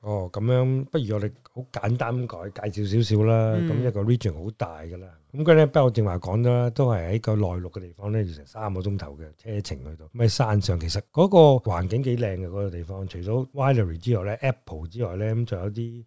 哦，咁樣不如我哋好簡單咁改介紹少少啦。咁、嗯、一個 region 好大嘅啦，咁佢咧，不過正話講啦，都係喺個內陸嘅地方咧，要成三個鐘頭嘅車程去到。咁喺山上，其實嗰個環境幾靚嘅嗰個地方，除咗 Winery 之外咧，Apple 之外咧，咁、嗯、仲有啲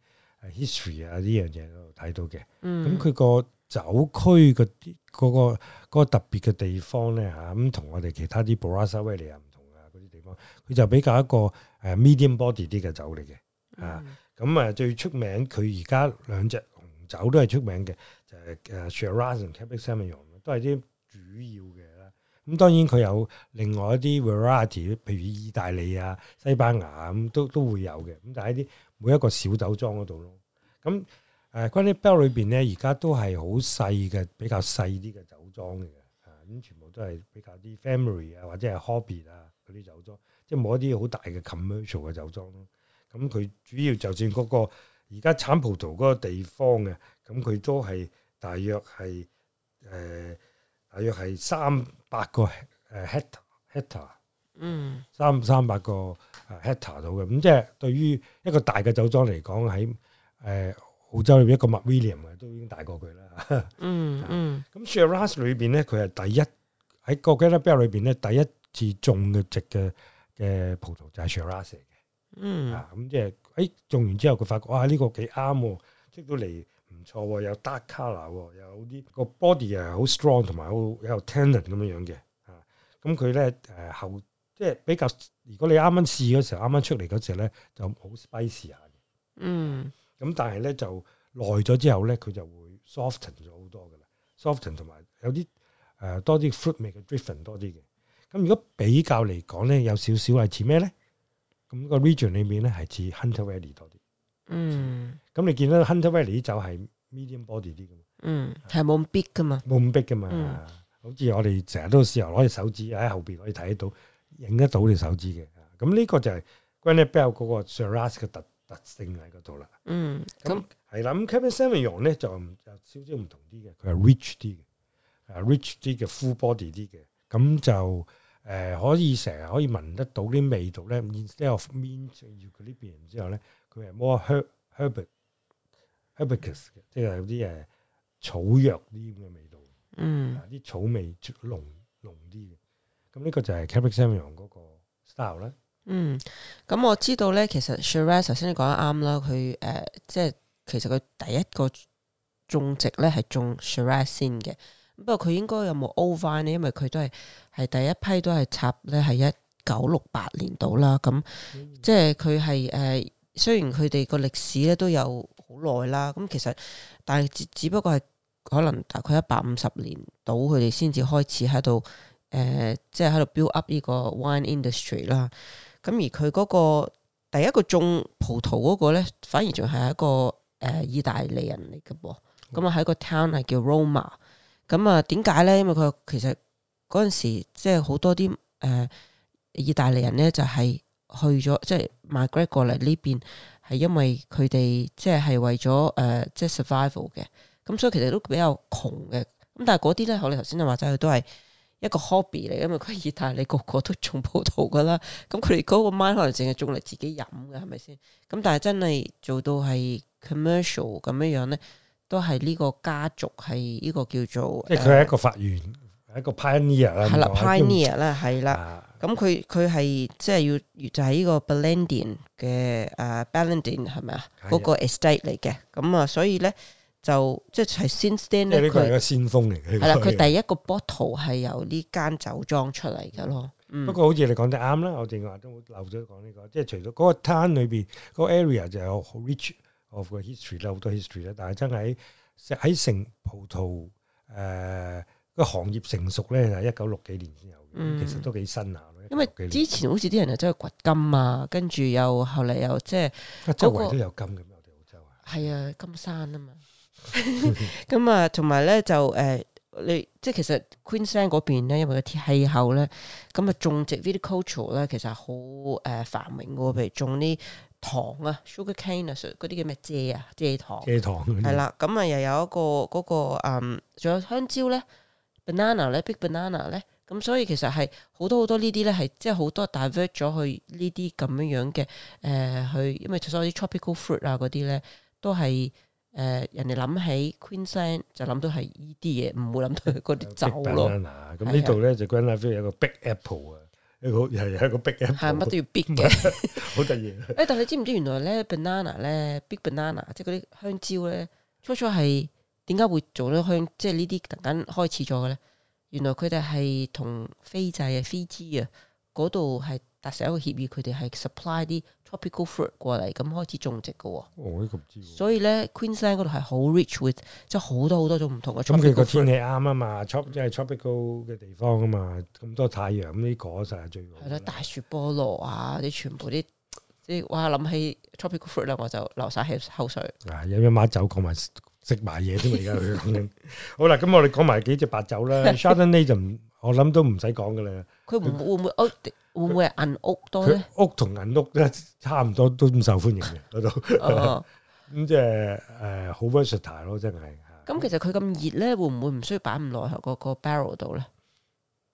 history 啊呢樣嘢嗰度睇到嘅。咁佢、嗯、個酒區嘅啲嗰個特別嘅地方咧嚇，咁同我哋其他啲 Barossa Valley 唔同啊嗰啲地方，佢就比較一個誒 medium body 啲嘅酒嚟嘅。啊，咁、嗯、啊最出名佢而家兩隻紅酒都係出名嘅，就係誒 Shiraz 同 Cabernet Sauvignon 都係啲主要嘅啦。咁當然佢有另外一啲 variety，譬如意大利啊、西班牙咁、啊、都都會有嘅。咁但係啲每一個小酒莊嗰度咯。咁、嗯、誒、啊啊，關於包裏邊咧，而家都係好細嘅，比較細啲嘅酒莊嚟嘅。嚇、啊，咁全部都係比較啲 family 啊或者係 hobby 啊嗰啲酒莊，即係冇一啲好大嘅 commercial 嘅酒莊。咁佢主要就算嗰、那個而家產葡萄嗰個地方嘅，咁佢都係大約係誒、呃、大約係三百個誒 hectare hectare，嗯，三三百個誒 hectare 到嘅，咁、嗯、即係對於一個大嘅酒莊嚟講，喺誒澳洲裏邊一個麥威廉啊都已經大過佢啦、嗯。嗯嗯，咁、嗯、Shiraz 裏邊咧，佢係第一喺個 Granite Belt 裏邊咧，第一次種嘅植嘅嘅葡萄就係 Shiraz 嘅。嗯，啊，咁即係，哎，用完之後佢發覺，哇、啊，呢、這個幾啱喎，出到嚟唔錯喎，錯有 dark color 有啲個 body 啊，好 strong，同埋有有 tendon 咁樣樣嘅，啊，咁佢咧誒後即係比較，如果你啱啱試嗰時候，啱啱出嚟嗰陣咧，就好 spicy 下嘅，嗯，咁但係咧就耐咗之後咧，佢就會 soften 咗好多噶啦，soften 同埋有啲誒、呃、多啲 fruit 味嘅 driven 多啲嘅，咁如果比較嚟講咧，有少少係似咩咧？咁個 region 裏面咧係似 Hunter Valley 多啲，嗯，咁你見到 Hunter Valley 啲酒係 medium body 啲嘅，嗯，係冇咁 big 噶嘛，冇咁 big 噶嘛，嗯、好似我哋成日都試下攞隻手指喺後邊可以睇得到，影得到你手指嘅，咁呢個就係 Granite Belt 嗰個 Sarask 嘅特特性喺嗰度啦，嗯，咁係啦，咁 Cabernet Sauvignon 咧就有少少唔同啲嘅，佢係 rich 啲嘅，rich 啲嘅 full body 啲嘅，咁就。誒、呃、可以成日可以聞得到啲味道咧 instead of meaning 要佢呢邊之後咧佢係 more herbert herbert herbaceous 嘅，即係有啲誒草藥啲咁嘅味道，嗯，啲草味濃濃啲嘅，咁呢個就係 Cabernet Sauvignon 個 style 啦。嗯，咁我知道咧其實 Shiraz 先你講得啱啦，佢誒即係其實佢第一個種植咧係種 Shiraz 先嘅。不過佢應該有冇 old vine 因為佢都係係第一批都係插咧係一九六八年到啦，咁即係佢係誒，雖然佢哋個歷史咧都有好耐啦，咁其實但係只，只不過係可能大概一百五十年到佢哋先至開始喺度誒，即係喺度 build up 呢個 wine industry 啦。咁而佢嗰、嗰個第一個種葡萄嗰個咧，反而仲係一個誒、呃、意大利人嚟嘅噃。咁啊喺個 town 係叫 Roma。咁啊，點解咧？因為佢其實嗰陣時，即係好多啲誒、呃、意大利人咧，就係去咗，即係 migrate 過嚟呢邊，係因為佢哋即係係為咗誒，即係 survival 嘅。咁、就是嗯、所以其實都比較窮嘅。咁但係嗰啲咧，我哋頭先就話就係都係一個 hobby 嚟，因為佢意大利個個都種葡萄噶啦。咁佢嗰個 mind 可能淨係種嚟自己飲嘅，係咪先？咁、嗯、但係真係做到係 commercial 咁樣樣咧。都係呢個家族係呢個叫做，即係佢係一個法院，係一個 pioneer 啦，係啦 pioneer 啦，係啦。咁佢佢係即係要就喺呢個 Balandin 嘅，啊 Balandin 係嘛，嗰個 estate 嚟嘅。咁啊，所以咧就即係係 since then 咧，佢係個先鋒嚟嘅。係啦，佢第一個 bottle 係由呢間酒莊出嚟噶咯。不過好似你講得啱啦，我哋話都漏咗講呢個，即係除咗嗰個灘裏邊嗰個 area 就有好 rich。of history 咧好多 history 咧，但係真係喺成葡萄誒個、呃、行業成熟咧，就一九六幾年先有、嗯、其實都幾新下、嗯、年因為之前好似啲人又真係去掘金啊，跟住又後嚟又即係，就是那個、周圍都有金嘅，我哋澳洲啊，係啊，金山啊嘛，咁 啊， 同埋咧就誒、呃，你即係其實 Queensland 嗰邊咧，因為個氣候咧，咁啊種植 viticulture 咧，其實好誒繁榮嘅，譬如種啲。糖啊，sugar cane 啊，嗰啲叫咩蔗啊，蔗糖。蔗糖。係啦，咁啊，又有一個嗰、那個誒，仲、嗯、有香蕉咧，banana 咧，big banana 咧，咁所以其實係好多好多呢啲咧，係即係好多 divert 咗去呢啲咁樣樣嘅誒，去因為所有啲 tropical fruit 啊嗰啲咧，都係誒、呃、人哋諗起 Queensland 就諗到係呢啲嘢，唔會諗到嗰啲酒咯。咁呢度咧的就 Granite Belt 有個 big apple 啊。一個係係一個逼嘅，係乜都要逼嘅，好得意。誒，但係你知唔知原來咧 ，banana 咧，big banana，即係嗰啲香蕉咧，初初係點解會做到香？即係呢啲突然間開始咗嘅咧？原來佢哋係同斐濟、 非啊、斐濟啊嗰度係。 達成一個協議，佢哋係 supply 啲 tropical fruit 過嚟，咁開始種植噶、哦。我都唔知。所以咧，Queensland 嗰度係好 rich with 即係好多好多種唔同嘅。咁佢個天氣啱啊嘛，trop 即係 tropical 嘅地方啊嘛，咁多太陽，咁、這、啲、個、果實係最係咯，大樹菠蘿啊，啲全部啲，即係哇諗起 tropical fruit 咧，我就流晒起口水。啊，飲一馬酒，講埋食埋嘢而家佢。 好啦，咁我哋講埋幾隻白酒啦 s h e l n e 就唔～我諗都唔使講噶啦。佢它會會唔它會屋，會唔會係銀屋多咧？屋同銀屋咧差唔多，都咁受歡迎嘅嗰度。 哦，咁即係誒好 versatile 咯，真係吓。咁、嗯嗯、其實佢咁熱咧，會唔會唔需要擺咁耐喺個、嗰個 barrel 度咧？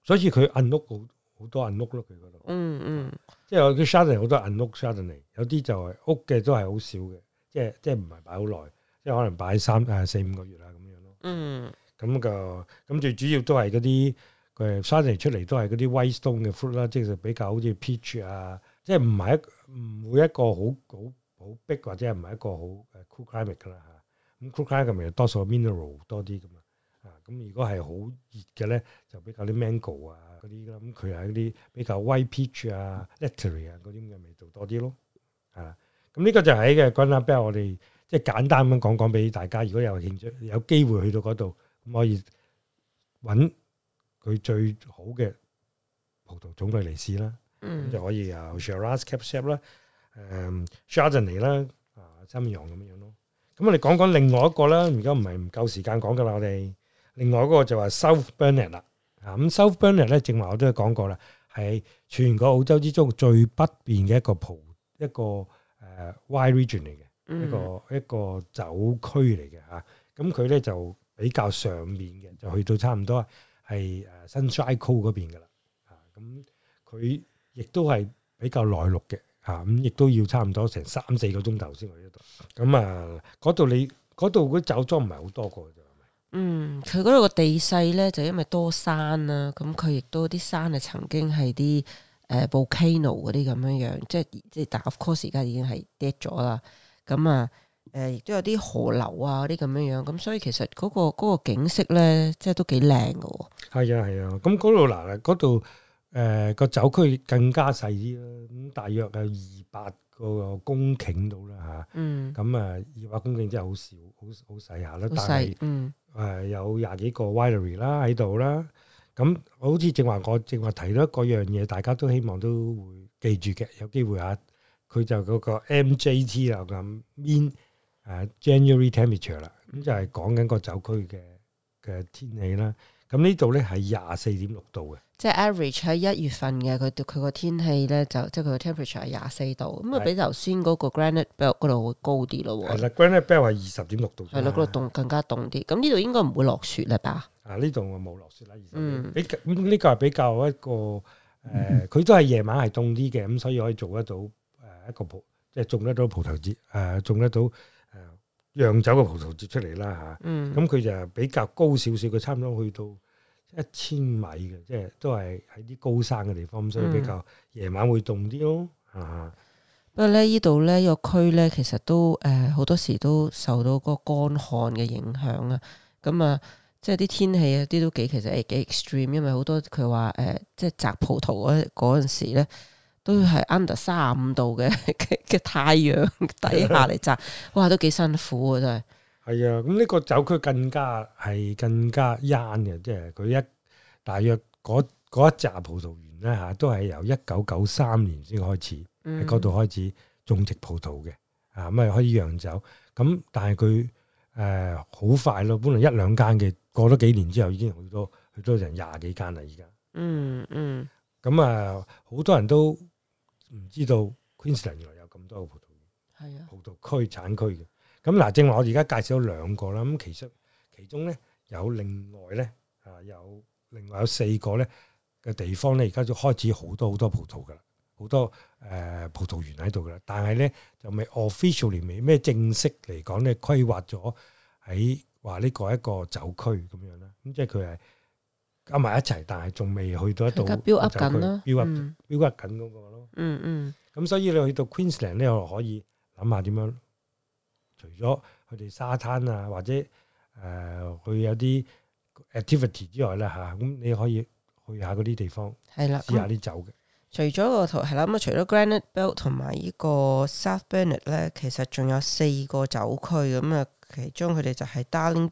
所以佢銀屋好，好多銀屋咯，佢嗰度。嗯嗯，即係佢 Chardonnay 好多銀屋 Chardonnay 嚟，有啲就係屋嘅都係好少嘅，即係即係唔係擺好耐，即係可能擺三誒四五個月啊咁樣咯。嗯，咁個咁最主要都係嗰啲。嗯誒山出嚟都係嗰啲 white stone 嘅 fruit 啦，即係比較好似 peach 啊，即係唔係一唔會一個好好好逼或者唔係一個好 cool climate 㗎啦嚇、啊。咁、嗯、cool climate 咪、啊嗯、多數 mineral 多啲㗎嘛。啊，咁如果係好熱嘅咧，就比較啲 mango 啊嗰啲啦。咁佢係嗰啲比較威 peach 啊、mm hmm. lemon t 啊嗰啲咁嘅味道多啲咯、啊。係、啊、啦，咁、嗯、呢、這個就喺嘅講啦，不如我哋即係簡單咁講講俾大家。如果有興趣，有機會去到嗰度、嗯，可以揾。佢最好嘅葡萄種類嚟試啦，咁就可以啊，Shiraz、Cabernet 啦，嗯，Chardonnay 啦，啊，Semillon 咁樣樣咯。咁我哋講講另外一個啦，而家唔係唔夠時間講噶啦，我哋另外一個就話 South Burnett 啦，啊，咁 South Burnett 咧，正話我都講過啦，係全個澳洲之中最北邊嘅一個葡一個誒，Wine Region 嚟嘅，一個一個酒區嚟嘅吓。咁佢咧就比較上面嘅，就去到差唔多。係誒 Sunshine Coast 嗰邊嘅啦，嚇咁佢亦都係比較內陸嘅，嚇咁亦都要差唔多成三四個鐘頭先去度。咁啊，嗰、啊、度你嗰度個酒莊唔係好多個啫。嗯，佢嗰度個地勢咧就因為多山啦、啊，咁佢亦都啲山啊曾經係啲誒 volcano 嗰啲咁樣樣，即即但 of course 而家已經係跌咗啦。咁啊～誒，亦都有啲河流啊，啲咁樣樣，咁所以其實嗰、嗰個嗰個景色咧，即係都幾靚嘅。係啊，係啊，咁嗰度嗱，嗰度誒個酒區更加細啲啦，咁大約有二百個公頃度啦嚇。嗯。咁啊，二百公頃真係好少，好好細下啦。細但是嗯。誒、呃，有廿幾個 winery 啦喺度啦。咁好似正話，我正話提咗嗰樣嘢，大家都希望都會記住嘅。有機會啊，佢就嗰個 M J T 啊咁 m n 誒、uh，January temperature 啦、mm，咁就係講緊個酒區嘅嘅天氣啦。咁呢度咧係廿四點六度嘅，即係 average 喺一月份嘅佢佢個天氣咧就即係佢個 temperature 係廿四度，咁、嗯那個、啊比頭先嗰個 Granite Belt 嗰度會高啲咯。其實 Granite Belt 係二十點六度，係咯，嗰度凍更加凍啲。咁呢度應該唔會落雪啦吧？啊，呢度冇落雪啦，二十，嗯比咁呢、嗯這個係比較一個誒，佢、呃、都係夜晚係凍啲嘅，咁所以可以做得到誒一、呃、一,一個葡即係種得到葡萄枝誒，種、啊、得、嗯嗯嗯、到。釀酒嘅葡萄接出嚟啦嚇，咁佢就比較高少少，佢差唔多去到一千米嘅，即係都係喺啲高山嘅地方，所以比較夜晚會凍啲咯嚇。不過咧，依度咧呢個區咧，其實都誒好、呃、多時都受到個乾旱嘅影響啊。咁啊，即係啲天氣啊，啲都幾其實係幾 extreme，因為好多佢話誒，即係摘葡萄嗰嗰陣時咧。都係 under 三十五度嘅嘅 太陽底下嚟摘， 哇都幾辛苦啊真係。係啊，咁呢個酒區更加係更加 young 嘅，即係佢一大約嗰一紮葡萄園咧嚇，都係由一九九三年先開始喺嗰度開始種植葡萄嘅，啊咁啊可以釀酒。咁但係佢誒好快咯，本來一兩間嘅，過咗幾年之後已經好多，去咗成廿幾間啦而家。嗯嗯。咁啊，好多人都。唔知道 Queensland 原來有咁多個葡萄園，係啊，葡萄區產區嘅。咁嗱，正話我而家介紹咗兩個啦。咁其實其中咧有另外咧啊，有另外有四個咧嘅地方咧，而家就開始好多好多葡萄噶啦，好多誒、呃、葡萄園喺度噶啦。但係咧就未 officially 未咩正式嚟講咧規劃咗喺話呢個一個酒區咁樣啦。咁即係佢係。加埋一齊，但係仲未去到一度。build up 緊嗰個咯。嗯嗯。咁所以你去到 Queensland 咧，又可以諗下點樣？除咗佢哋沙灘啊，或者誒、呃、去有啲 activity 之外咧嚇，咁、啊、你可以去下嗰啲地方，試下啲酒。嘅、嗯。除咗個圖係啦，咁啊除咗 Granite Belt 同埋依個 South Burnett 咧，其實仲有四個酒區咁啊，其中佢哋就係 Darling。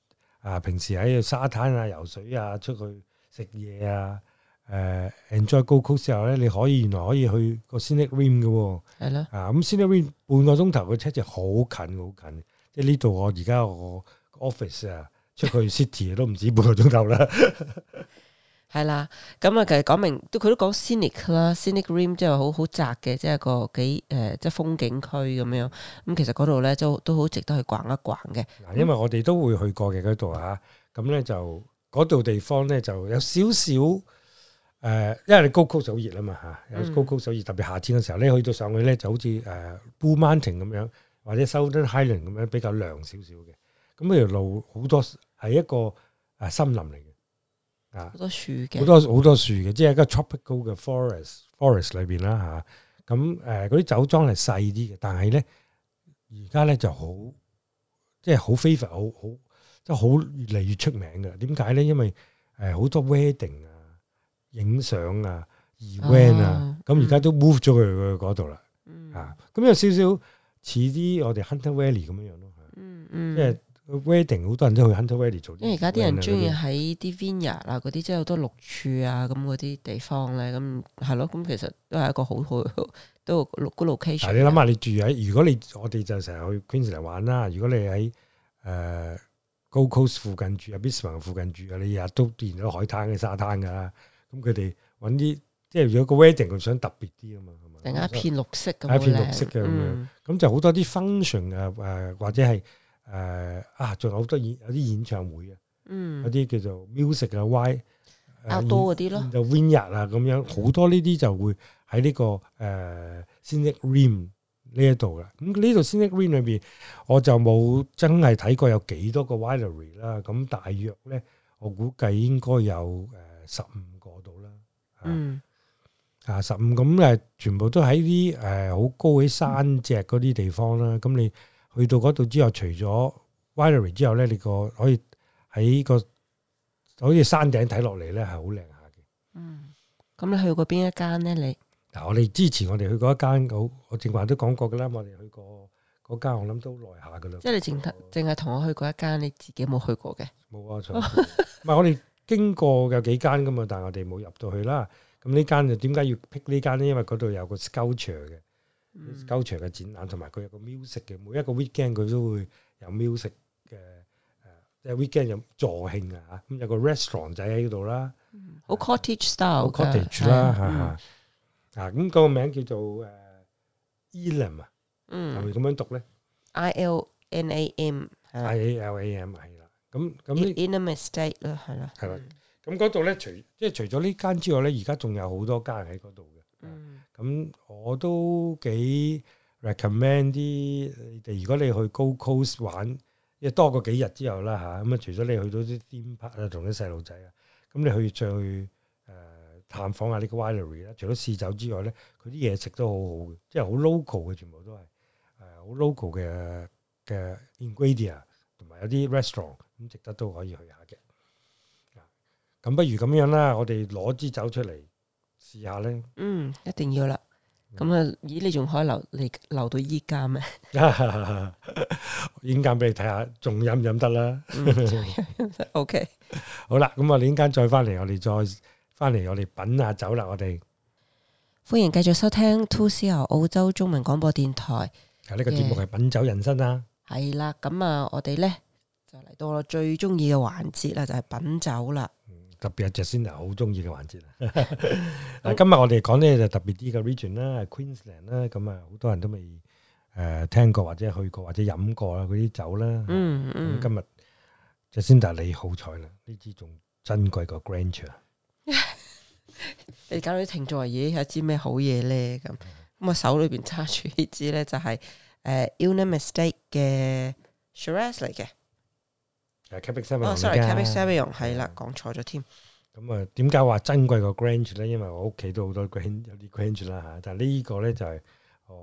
啊！平時喺沙灘啊、游水啊、出去食嘢啊、誒 enjoy Go 高曲之後咧，你可以原來可以去個 Scenic Rim 嘅喎，係咧的。啊咁 Scenic Rim 半個鐘頭嘅車就好近，好近。即係呢度我而家我 office 啊，出去 city 都唔止半個鐘頭啦。 係啦，咁啊，其實講明都佢都講 Scenic 啦 Scenic Rim 即係好好窄嘅，即係個幾誒、呃，即係風景區咁樣。咁其實嗰度咧都都好值得去逛一逛嘅。嗱，因為我哋都會去過嘅嗰度啊，咁咧就嗰度地方咧就有少少誒，因為你高高手熱啊嘛吓，有高高手熱，特別夏天嘅時候咧，你去到上去咧就好似誒、呃、Blue Mountain 咁樣，或者 Southern Highland 咁樣比較涼少少嘅。咁呢條路好多係一個誒森林嚟嘅。好多樹嘅，好多好多樹嘅，即係一個 tropical 嘅 forest，forest 裏邊啦吓。咁、啊、誒，嗰啲酒莊係細啲嘅，但係咧，而家咧就好，即係好 favourite 好好即係好越嚟越出名嘅。點解咧？因為誒好、呃、多 wedding 啊、影相啊、event 啊，咁而家都 move 咗去佢嗰度啦。吓，咁有少少似啲我哋 Hunter Valley 咁樣樣咯。嗯嗯。嗯即係 wedding 好多人都去 Hunter Valley 做，因為而家啲人中意喺啲 vineyard 啊，嗰啲即係好多綠樹啊，咁嗰啲地方咧，咁係咯，咁其實都係一個好好都嗰個 location。你諗下，你住喺如果你我哋就成日去 Queensland 玩啦，如果你喺誒 Gold Coast 附近住啊，Brisbane 附近住啊，你日日都見到海灘嘅沙灘噶啦。咁佢哋搵啲即係如果個 wedding 佢想特別啲啊嘛，係嘛，一片綠色咁，一片綠色嘅咁樣，咁、嗯、就好多啲 function 啊誒或者係。誒啊，仲有好多演有啲演唱會啊，有啲、嗯、叫做 music 啊，Y 多嗰啲咯，又 win 日啊咁樣，好多呢啲就會喺呢、這個誒，Scenic Rim 呢一度啦。咁呢度 Scenic Rim 裏邊，我就冇真係睇過有幾多個 winery 啦。咁大約咧，我估計應該有誒十五個度啦。啊、嗯，啊十五咁誒，全部都喺啲誒好高喺山脊嗰啲地方啦。咁、嗯、你。去到嗰度之後，除咗 winery 之後咧，你個可以喺個好似山頂睇落嚟咧，係好靚下嘅。嗯，咁你去過邊一間咧？你嗱，我哋之前我哋去過一間，好我正話都講過嘅啦。我哋去過嗰間，我諗都耐下嘅啦。即係你淨得淨係同我去過一間，你自己冇去過嘅。冇啊，從唔係我哋經過有幾間㗎嘛，但我哋冇入到去啦。咁呢間就點解要 pick 呢間咧？因為嗰度有個 sculpture 嘅。高長嘅展覽，同埋佢有個 music 嘅，每一個 weekend 佢都會有 music 嘅，誒，即係 weekend 有助興啊，咁有個 restaurant 仔喺度啦，好 cottage style 嘅，cottage 啦吓，啊，咁個名叫做誒，Elam 啊，嗯，係咪咁樣讀咧，I L N A M，I A L A M 係啦，咁咁，inner mistake 啦係啦，係啦，咁嗰度咧除，即係除咗呢間之外咧，而家仲有好多間喺嗰度嘅，嗯。咁、嗯、我都幾 recommend 啲你哋，如果你去 Gold Coast 玩，亦多過幾日之後啦嚇。咁啊，嗯、除咗你去到啲 theme park 啊，同啲細路仔啊，咁你去再去誒、呃、探訪下呢啲 winery 啦。除咗試酒之外咧，佢啲嘢食都好好嘅，即係好 local 嘅，全部都係誒好、呃、local 嘅嘅 ingredient，同埋有啲 restaurant 咁值得都可以去下嘅。咁、啊、不如咁樣啦，我哋攞支酒出嚟。試下咧，嗯，一定要啦。咁啊、嗯，咦，你仲可以留嚟留到依間咩？依間俾你睇下，仲飲唔飲得啦？仲飲得，O K。好啦，咁啊，呢間再翻嚟，我哋再翻嚟，我哋品下酒啦。我哋歡迎繼續收聽 2CR 澳洲中文廣播電台電。啊的，呢個節目係品酒人生啊。係啦，咁啊，我哋咧就嚟到我最中意嘅環節啦，就係品酒啦。特別啊，Jacinda 好中意嘅環節啊！嗱，今日我哋講咧就特別啲嘅 region 啦，Queensland 啦，咁啊，好多人都未誒聽過或者去過或者飲過啦嗰啲酒啦。嗯嗯。咁今日 Jacinda 你好彩啦，呢支仲珍貴過 Grange。你搞到啲聽眾話，咦，一支咩好嘢咧？咁咁我手裏邊揸住呢支咧，就係誒 ILNAM Estate 嘅 Shiraz 嚟嘅。S s ion, 哦 sorry Cabernet Sauvignon 係啦，講錯咗添。咁啊，點解話珍貴個 Grange 咧？因為我屋企都好多 Grange，有啲 Grange 啦嚇。但係呢個咧就係、是、我、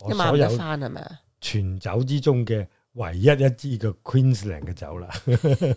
呃、我所有翻係咪啊？全酒之中嘅唯一一支叫 Queensland 嘅酒啦。呵呵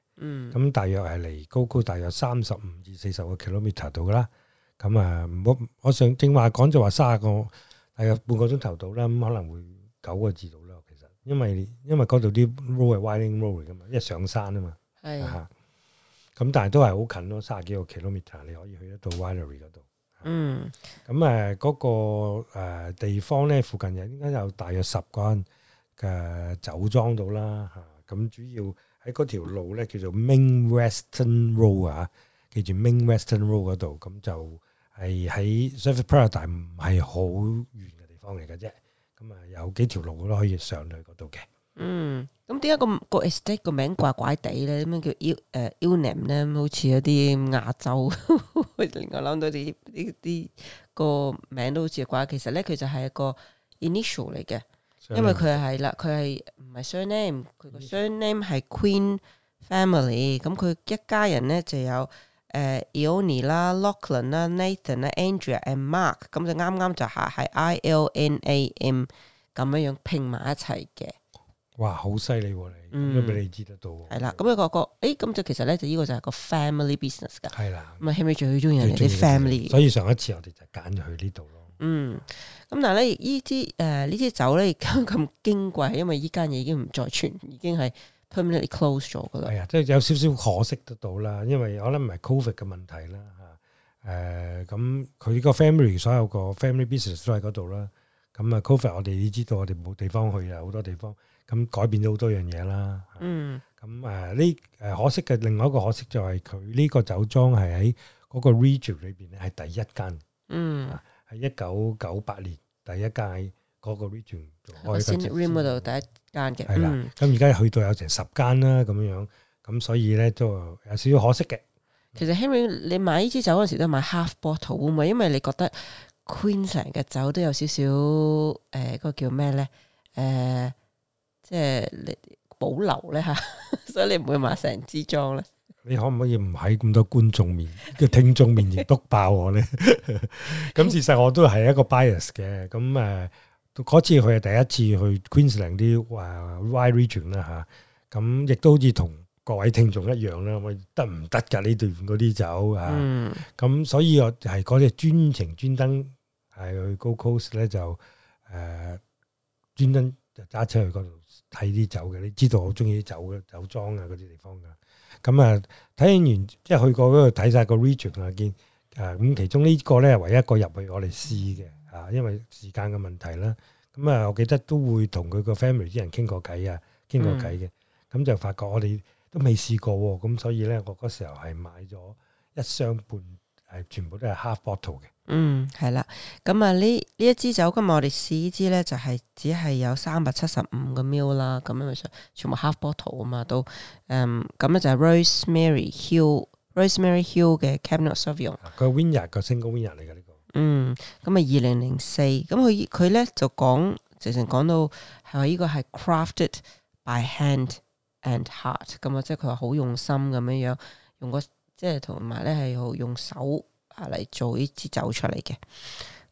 嗯，咁大約係離高高大約三十五至四十個 kilometer 度噶啦，咁啊，唔好我想正話講就話卅個大約半個鐘頭度啦，咁、嗯嗯、可能會九個字度啦，其實，因為因為嗰度啲路係 winding road 嚟噶嘛，一上山啊嘛，嚇，咁但係都係好近咯，卅幾個 kilometer 你可以去得到 Winery 嗰度。嗯，咁啊嗰、那個、呃、地方咧附近有應該有大約十間嘅酒莊度啦，嚇、啊，咁、啊、主要。喺嗰條路咧叫做 Main Western Road 啊，叫做 Main Western Road 嗰度，咁就係喺 Surfers Paradise 唔係好遠嘅地方嚟嘅啫。咁啊有幾條路都可以上去嗰度嘅。嗯，咁點解個個 estate 個名怪怪地咧？點解叫 ILNAM 咧？好似一啲亞洲，令我諗到啲啲啲個名都好似怪。其實咧，佢就係一個 initial 嚟嘅。因為佢係啦，佢係唔係 surname，佢個 surname 係 Queen family，咁佢一家人咧就有誒 Eony 啦、Lachlan 啦、Nathan 啦、Andrea and Mark，咁就啱啱就係係 I L N A M 咁樣樣拼埋一齊嘅。哇，好犀利你，咁俾、嗯、你知得到。係啦，咁樣個個誒，咁就其實咧就呢個就係個 family business 噶。係啦的，咪 Henry 最中意人哋啲 family，所以上一次我哋就揀咗去呢度咯。嗯，咁但係咧，依啲誒呢啲酒咧，而家咁矜貴，係因為依間嘢已經唔再存，已經係 permanently close 咗噶啦。係啊，哎，即係有少少可惜得到啦，因為可能唔係 covid 嘅問題啦吓，誒，啊，咁佢個 family 所有個 family business 都喺嗰度啦。咁啊，啊，covid 我哋知道，我哋冇地方去啦，好多地方咁改變咗好多樣嘢啦。啊，嗯。咁誒呢誒可惜嘅，另外一個可惜就係佢呢個酒莊係喺嗰個 region 裏邊咧係第一間。嗯。喺一九九八年第一屆嗰個 region，我先 at room 嗰度第一間嘅，係啦。咁而家去到有成十間啦，咁樣樣，咁所以咧都有少少可惜嘅。其實 Henry，你買呢支酒嗰陣時都係買 half bottle 會唔會，因為你覺得 Queensland 嘅酒都有少少誒，嗰個叫咩咧？誒，即係你保留咧吓，所以你唔會買成支裝咧。你可唔可以唔喺咁多觀眾面、嘅 聽眾面前督爆我咧？咁 事實我都係一個 bias 嘅。咁誒，嗰、呃、次佢係第一次去 Queensland 啲誒 wine region 啦、啊、吓。咁亦都好似同各位聽眾一樣啦，我得唔得噶呢段嗰啲酒吓？咁、嗯嗯嗯、所以我係嗰次專程專登係去 Gold Coast 咧就誒專登就揸車去嗰度睇啲酒嘅。你知道我好中意啲酒嘅酒莊啊嗰啲地方噶。咁啊，睇、嗯、完即係去過嗰度睇晒個 region 啊，見啊咁、呃、其中個呢個咧係唯一一個入去我哋試嘅啊，因為時間嘅問題啦。咁啊，我記得都會同佢個 family 啲人傾過偈啊，傾過偈嘅。咁、啊嗯嗯、就發覺我哋都未試過喎。咁、啊、所以咧，我嗰時候係買咗一箱半，係、啊、全部都係 half bottle 嘅。嗯，係啦，咁啊呢呢一支酒，今日我哋試呢支咧，就係只係有三百七十五個 ml 啦，咁樣咪，全部 half bottle 啊嘛，都，誒、嗯，咁、就是、啊就係 Rosemary Hill，Rosemary Hill 嘅 Cabernet Sauvignon，佢 vineyard，n 佢 single vineyard n 嚟嘅呢個，嗯，咁啊二零零四，咁佢佢咧就講，直程講到係話呢個係 crafted by hand and heart，咁、嗯、啊即係佢話好用心咁樣樣，用個即係同埋咧係用用手。嗯嗯、啊！嚟做呢支酒出嚟嘅，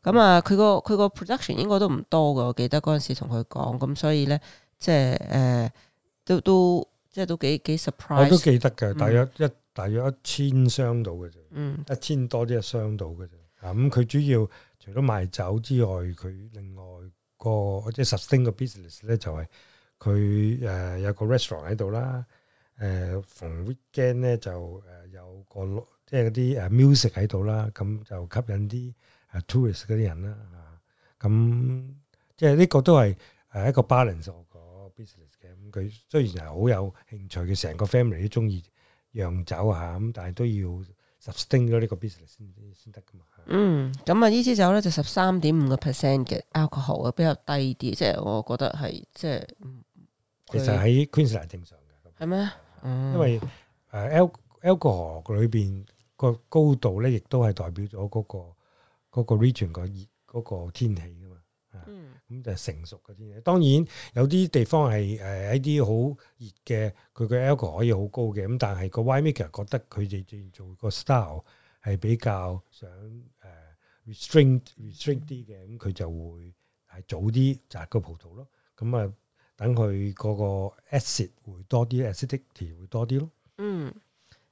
咁啊，佢個佢個 production 應該都唔多嘅。我記得嗰陣時同佢講，咁所以咧，即係誒、呃、都都即係都幾幾 surprise。我都記得嘅，嗯、大約一大約一千箱到嘅啫，嗯、一千多啲一箱到嘅啫。啊、嗯，咁佢、嗯、主要除咗賣酒之外，佢另外個即係 sustain 嘅 business 咧，就係佢誒有個 restaurant 喺度啦，誒、呃呃、逢 weekend 咧就誒有個。即係嗰啲誒 music 喺度啦，咁就吸引啲誒 tourist 嗰啲人啦嚇。咁、啊呃、即係呢個都係誒一個 balance 個 business 嘅。咁佢雖然係好有興趣，佢成個 family 都中意洋酒嚇，咁但係都要 sustain 咗呢個 business 先先得噶嘛，嗯。嗯，咁啊呢支酒咧就十三點五個 percent 嘅 alcohol 啊，比較低啲，即、就、係、是、我覺得係即係、嗯、其實喺 Queensland 正常嘅。係咩？嗯、因為誒 al alcohol 裏邊。呃個高度咧，亦都係代表咗嗰個嗰個 region 個熱嗰個天氣㗎嘛，嗯，咁就成熟嘅天氣。當然有啲地方係誒一啲好熱嘅，佢嘅 alcohol 可以好高嘅，咁但係個 winemaker 覺得佢哋做個 style 係比較想誒 restrict restrict 啲嘅，咁佢就會係早啲摘個葡萄咯，咁啊等佢嗰個 acid 會多啲，acidity 會多啲咯，嗯。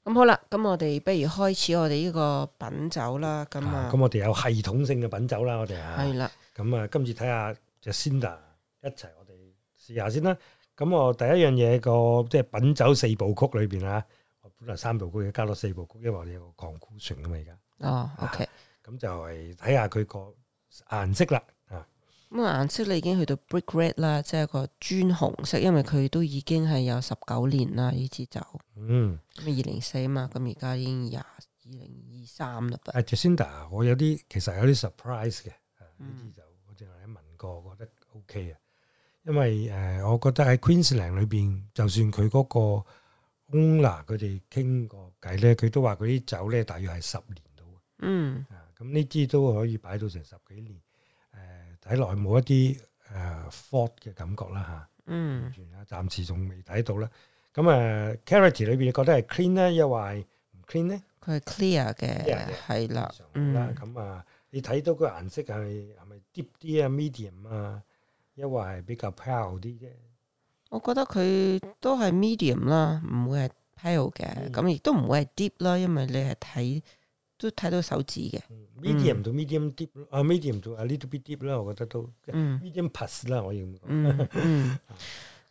咁、嗯、好啦，咁我哋不如開始我哋呢個品酒啦。咁、嗯、啊，咁我哋有系統性嘅品酒啦，我哋啊，係啦的。咁啊、嗯，今次睇下就 Jacinda 一齊，我哋試下先啦。咁、嗯、我第一樣嘢個即係品酒四部曲裏邊啊，我本來三部曲，加多四部曲，因為我哋有個 conclusion 啊嘛，而家哦，OK，咁、啊、就係睇下佢個顏色啦。咁啊，顏色你已經去到 brick red 啦，即係一個磚紅色，因為佢都已經係有十九年啦呢支酒。嗯，咁二零四啊嘛，咁而家已經廿二零二三啦。啊，Jacinda，我有啲其實有啲 surprise 嘅，呢支酒我淨係聞過，覺得 OK 啊。因為誒、呃，我覺得喺 Queensland 裏邊，就算佢嗰個 Owner 佢哋傾過偈咧，佢都話嗰啲酒咧大約係十年到。嗯。啊、嗯，咁呢支都可以擺到成十幾年。睇落去冇一啲誒 fault 嘅感覺啦嚇，嗯，暫時仲未睇到啦。咁誒、啊、clarity 裏邊你覺得係 clean 咧，又話係唔 clean 咧，佢係 clear 嘅，係、啊、的啦，嗯。咁啊，你睇到個顏色係係咪 deep 啲啊，medium 啊，又話係比較 pale 啲啫。我覺得佢都係 medium 啦，唔會係 pale 嘅，咁亦都唔會係 deep 啦，因為你係睇。都睇到手指嘅、嗯、medium 到 medium deep 啊 medium 到啊 little bit deep 啦，我覺得都、嗯、medium plus 啦、就是，我要咁講。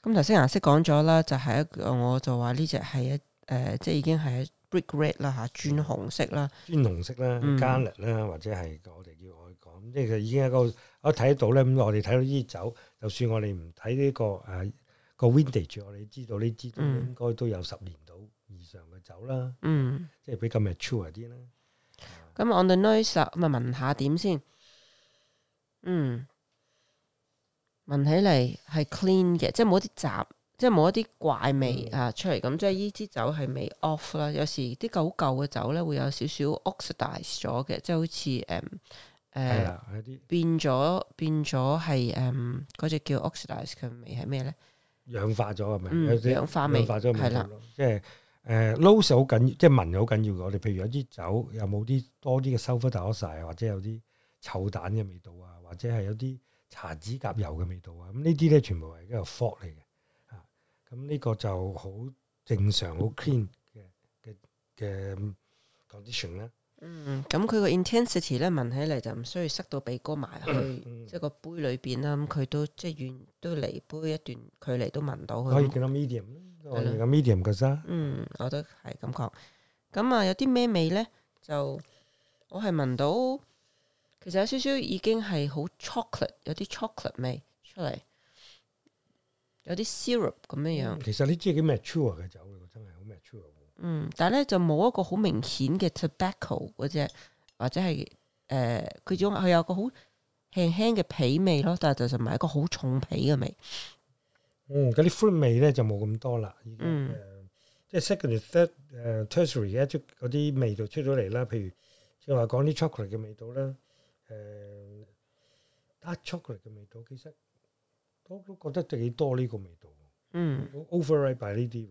咁頭先顏色講咗啦，就係一個我就話呢隻係一誒，即係已經係 brick red 啦、啊、吓，磚紅色啦，磚紅色啦、嗯啊，garnet 或者係我哋叫我講，即係已經一個我睇到咧，咁我哋睇到呢啲酒，就算我哋唔睇呢個誒、啊、個 vintage 我哋知道呢支、嗯、應該都有十年到以上嘅酒啦，嗯、即係比較 mature 啲啦。咁 on the nose 咁，啊，聞下點先，嗯，聞起嚟係 clean 嘅，即係冇啲雜，即係冇一啲怪味啊出嚟。咁即係呢支酒係未 off 啦。有時啲舊舊嘅酒咧會有少少 oxidise 咗嘅，即係好似誒誒變咗變咗係誒嗰隻叫 oxidise 嘅味係咩咧？氧化咗係咪？氧化味係啦，即係。對了 就是誒撈手好緊要，即係聞又好緊要嘅。我哋譬如有啲酒，有冇啲多啲嘅 sulfur dioxide，或者有啲臭蛋嘅味道啊，或者係有啲搽指甲油嘅味道啊。咁呢啲咧，全部係一個 fault 嚟嘅。嚇，咁呢個就好正常、好 clean 嘅嘅嘅 condition 啦。嗯，咁佢個 intensity 咧聞起嚟就唔需要塞到鼻哥埋去，即係個杯裏邊啦。咁佢都即係遠都離杯一段距離都聞到佢。可以叫 medium。係咯，medium 嘅啫。嗯，我都係咁講。咁啊，有啲咩味咧？就我係聞到，其實有少少已經係好 chocolate，有啲 chocolate 味出嚟，有啲 syrup 咁樣樣，嗯。其實呢支幾咩 chew 嘅酒嘅真係好咩 chew 啊！嗯，但係咧就冇一個好明顯嘅 tobacco 嗰隻，或者係誒，佢種係有個好輕輕嘅皮的味咯，但係就唔係一個好重皮嘅味。嗯，嗰啲 fruit 味咧就冇咁多啦，已經，即係 second、third、誒 tertiary 嘅一出嗰啲味道出咗嚟啦。譬如，我話講啲 chocolate 嘅味道咧，誒 dark chocolate 嘅味道其實都都覺得幾多呢個味道。嗯，override by 呢啲，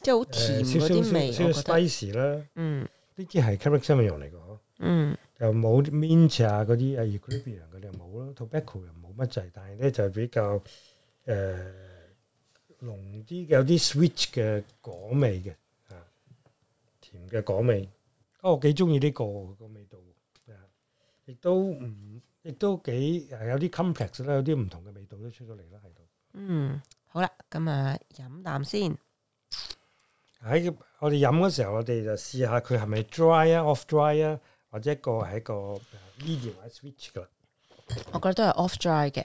即係好甜嗰啲味。少少 spice 啦，嗯，呢啲係 caramel 香料嚟㗎嗬。嗯，又冇 mint 啊嗰啲啊 eucalyptus 嗰啲又冇咯，tobacco 又冇乜滯，但係咧就係比較。誒，濃啲有啲 sweet 嘅果味嘅，啊，甜嘅果味，我幾中意呢個個味道，啊，亦都唔亦都幾有啲 complex 啦，有啲唔同嘅味道都出咗嚟啦喺度。嗯，好啦，咁啊，飲啖先。喺我哋飲嗰時候，我哋就試下佢係咪 dry 啊，off dry 啊，或者一個係一個呢條位 sweet 噶啦。我覺得都係 off dry 嘅。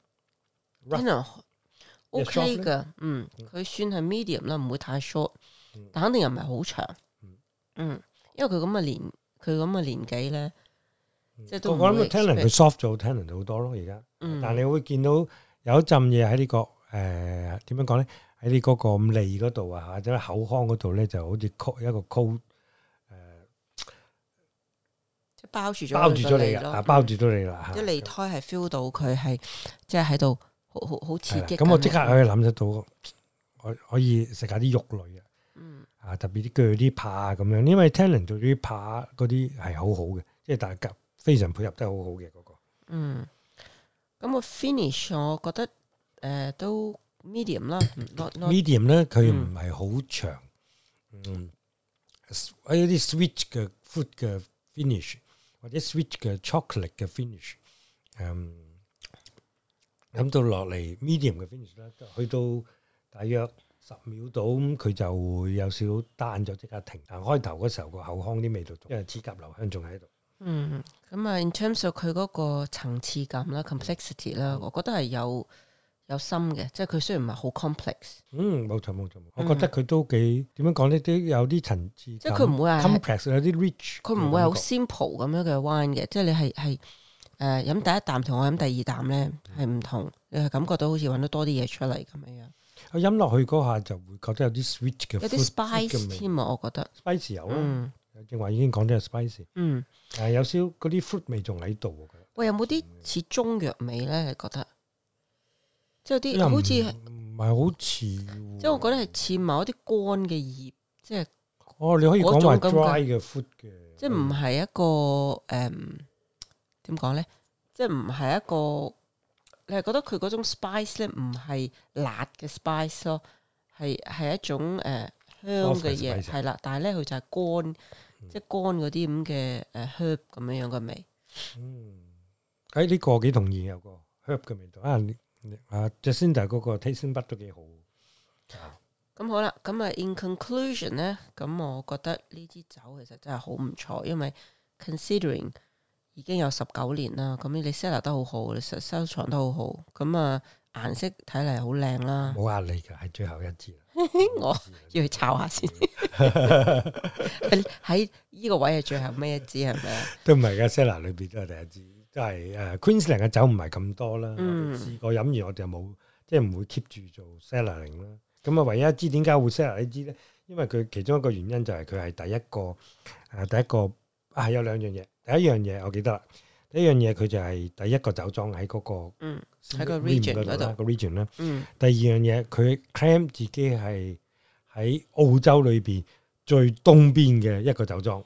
tannin OK 噶，嗯，佢算係 medium 啦，唔會太 short，但肯定又唔係好長，嗯，因為佢咁嘅年，佢咁嘅年紀咧，即係我諗 tannin 佢 soft 咗 tannin 好多咯，而家，但係你會見到有一浸嘢喺呢個，誒，點樣講咧？喺呢嗰個脷嗰度啊，或者口腔嗰度咧，就好似 c 一個 co，誒，即係包住咗包住咗你咯，包住咗你啦，即脷胎係 feel 到佢係即係喺度。好好好刺激㗎，咁我即刻可以諗得到，我可以食下啲肉類啊，嗯啊，特別啲鋸啲扒啊咁樣，因為 Talent 做啲扒嗰啲係好好嘅，即係大家非常配合得好好嘅嗰個。嗯，咁我 finish，我覺得誒都 medium 啦，notmedium 咧，佢唔係好長，嗯，我有啲 switch 嘅 food 嘅 finish 或者 switch 嘅 chocolate 嘅 finish，嗯。咁到落嚟 medium 嘅 finish 咧，去到大約十秒到，咁佢就會有少少單咗，即刻停。但係開頭嗰時候個口腔啲味道，因為齒頰留香仲喺度。嗯，咁啊，in terms of 佢嗰個層次感啦，complexity 啦，我覺得係有有深嘅，即係佢雖然唔係好 complex。嗯，冇錯冇錯，我覺得佢都幾點樣講咧，都有啲層次。即係佢唔會係 complex，有啲 rich。佢唔會係好 simple 咁樣嘅 wine 嘅，即係你係係。誒，飲第一啖同我飲第二啖咧係唔同，你係感覺到好似揾得多啲嘢出嚟咁樣樣。飲落去嗰下就會覺得有啲 sweet 嘅，有啲 spice 添啊！我覺得 spice 有正話已經講咗係 spice。嗯，但有少嗰啲 food 味仲喺度喂，有冇啲似中藥味咧？你覺得即係啲好似唔係好似。即係我覺得係似某一啲乾嘅葉，即係哦，你可以講埋，dry 嘅 food 嘅，即係唔係一個誒。點講咧？即係唔係一個你係覺得佢嗰種 spice 咧唔係辣嘅 spice 咯，係係一種誒、呃、香嘅嘢係啦。但係咧佢就係乾，嗯、即係乾嗰啲咁嘅誒 herb 咁樣樣嘅味。嗯，喺、哎、呢、這個幾同意有個 herb 嘅味道啊！啊，Jacinda 嗰、那個 tasting 筆都幾好。咁、嗯、好啦，咁啊，in conclusion 咧，咁我覺得呢支酒其實真係好唔錯，因為 considering。已經有十九年啦，咁你你 sell 得好好，你收藏得好好，咁啊顏色睇嚟好靚啦。冇壓力噶，係最後一支，我要去炒下先。喺呢個位係最後咩一支係咪啊？都唔係噶，sell 裏邊都係第一支，就係、是、誒、呃，Queensland 嘅酒唔係咁多啦。嗯、我試過飲完我哋又冇，即係唔會 keep 住做 selling 啦。咁啊，唯一一支點解會 sell 呢支咧？因為佢其中一個原因就係佢係第一個誒、啊，第一個係、啊、有兩樣嘢。啊。第一樣嘢，我記得啦。第一樣嘢，佢就係第一個酒莊喺嗰個，喺個 region 度，個 region 咧。裡裡第二樣嘢，佢 claim 自己係喺澳洲裏邊最東邊嘅一個酒莊。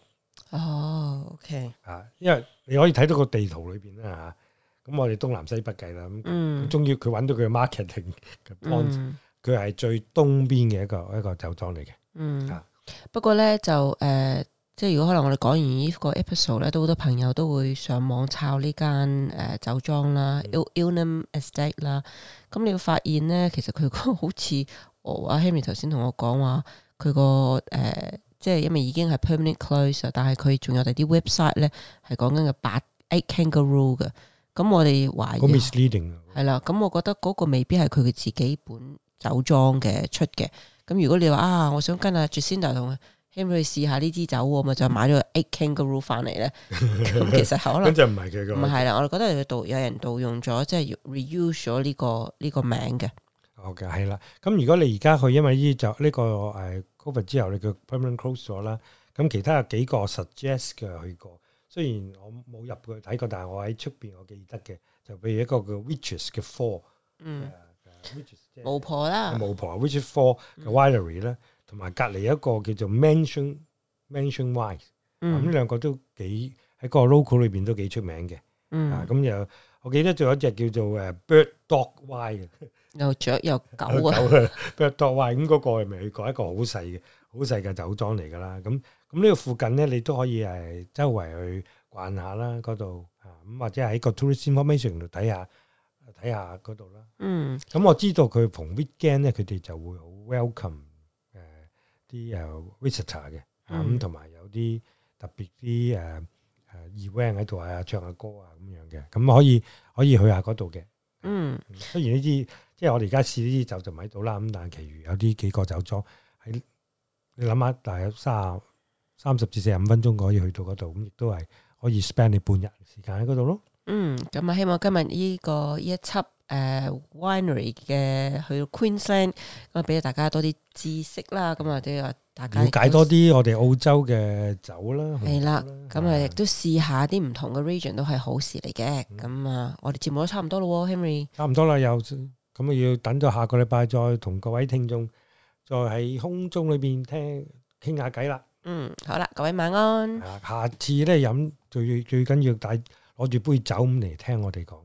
哦，OK。啊，因為你可以睇到個地圖裏邊啦吓，咁、啊、我哋東南西北計啦，咁、啊，終於佢揾到佢嘅 marketing 嘅 point，佢係最東邊嘅一個一個酒莊嚟嘅。嗯，啊、不過咧就誒。呃即係如果可能，我哋講完呢個 episode 咧，都好多朋友都會上網抄呢間誒酒莊啦、嗯、ILNAM Estate 啦。咁你會發現咧，其實佢個好似、哦啊、我阿 Henry 頭先同我講話，佢個誒即係因為已經係 permanent close 啊，但係佢仲有第啲 website 咧係講緊嘅八 eight kangaroo 嘅。咁我哋懷疑。好 misleading 啊！係啦，咁我覺得嗰個未必係佢嘅自己本酒莊嘅出嘅。咁如果你話啊，我想跟阿 Jacinda 同佢。希望去試下呢支酒啊嘛，就買咗 Eight Kangaroo 翻嚟咧。咁 其實可能， 就唔係佢個唔係啦，我哋覺得佢盜有人盜用咗，即、就、係、是、reuse 咗呢、這個呢、這個名嘅。OK，係啦。咁、嗯、如果你而家去，因為呢就呢個誒、啊、COVID 之後，你叫 permanent close 咗啦。咁其他有幾個 suggest 嘅去過，雖然我冇入去睇過，但係我喺出邊我記得嘅，就譬如一個叫 Witches 嘅 Falls，嗯，巫、uh, 婆啦，巫婆 Witches Falls 嘅 winery 咧。同埋隔離一個叫做 Mansion Mansion Y，咁呢兩個都幾喺個 local 裏邊都幾出名嘅。嗯，咁又我記得仲有一隻叫做誒 Bird Dog Y 嘅，又雀又狗啊！Bird Dog Y，咁嗰個我未去過，一個好細嘅、好細嘅酒莊嚟㗎啦。咁咁呢個附近咧，你都可以誒周圍去逛下啦，嗰度啊咁或者喺個 Tourist Information 度睇下睇下嗰度啦。嗯，咁我知道佢逢 weekend 咧，佢哋就會好 welcome。啲又 visitor 嘅，咁同埋有啲特別啲誒誒 event 喺度啊，唱下歌啊咁樣嘅，咁可以可以去下嗰度嘅。嗯，雖然呢啲即係我哋而家試呢啲酒就唔喺度啦，咁但係其餘有啲幾個酒莊喺你諗下，大概三三十至四十五分鐘可以去到嗰度，咁亦都係可以 spend 你半日時間喺嗰度咯。嗯，咁啊，希望今日呢個呢一輯。誒，winery 嘅去 Queensland，咁啊，俾咗大家多啲知識啦，咁啊都要大家了解多啲我哋澳洲嘅酒啦。係啦，咁啊亦都試下啲唔同嘅 region 都係好事嚟嘅。咁啊，我哋節目都差唔多咯，Henry。差唔多啦，又咁啊要等咗下個禮拜再同各位聽眾再喺空中裏邊聽傾下偈啦。嗯，好啦，各位晚安。下次咧，飲最最緊要帶攞住杯酒咁嚟聽我哋講。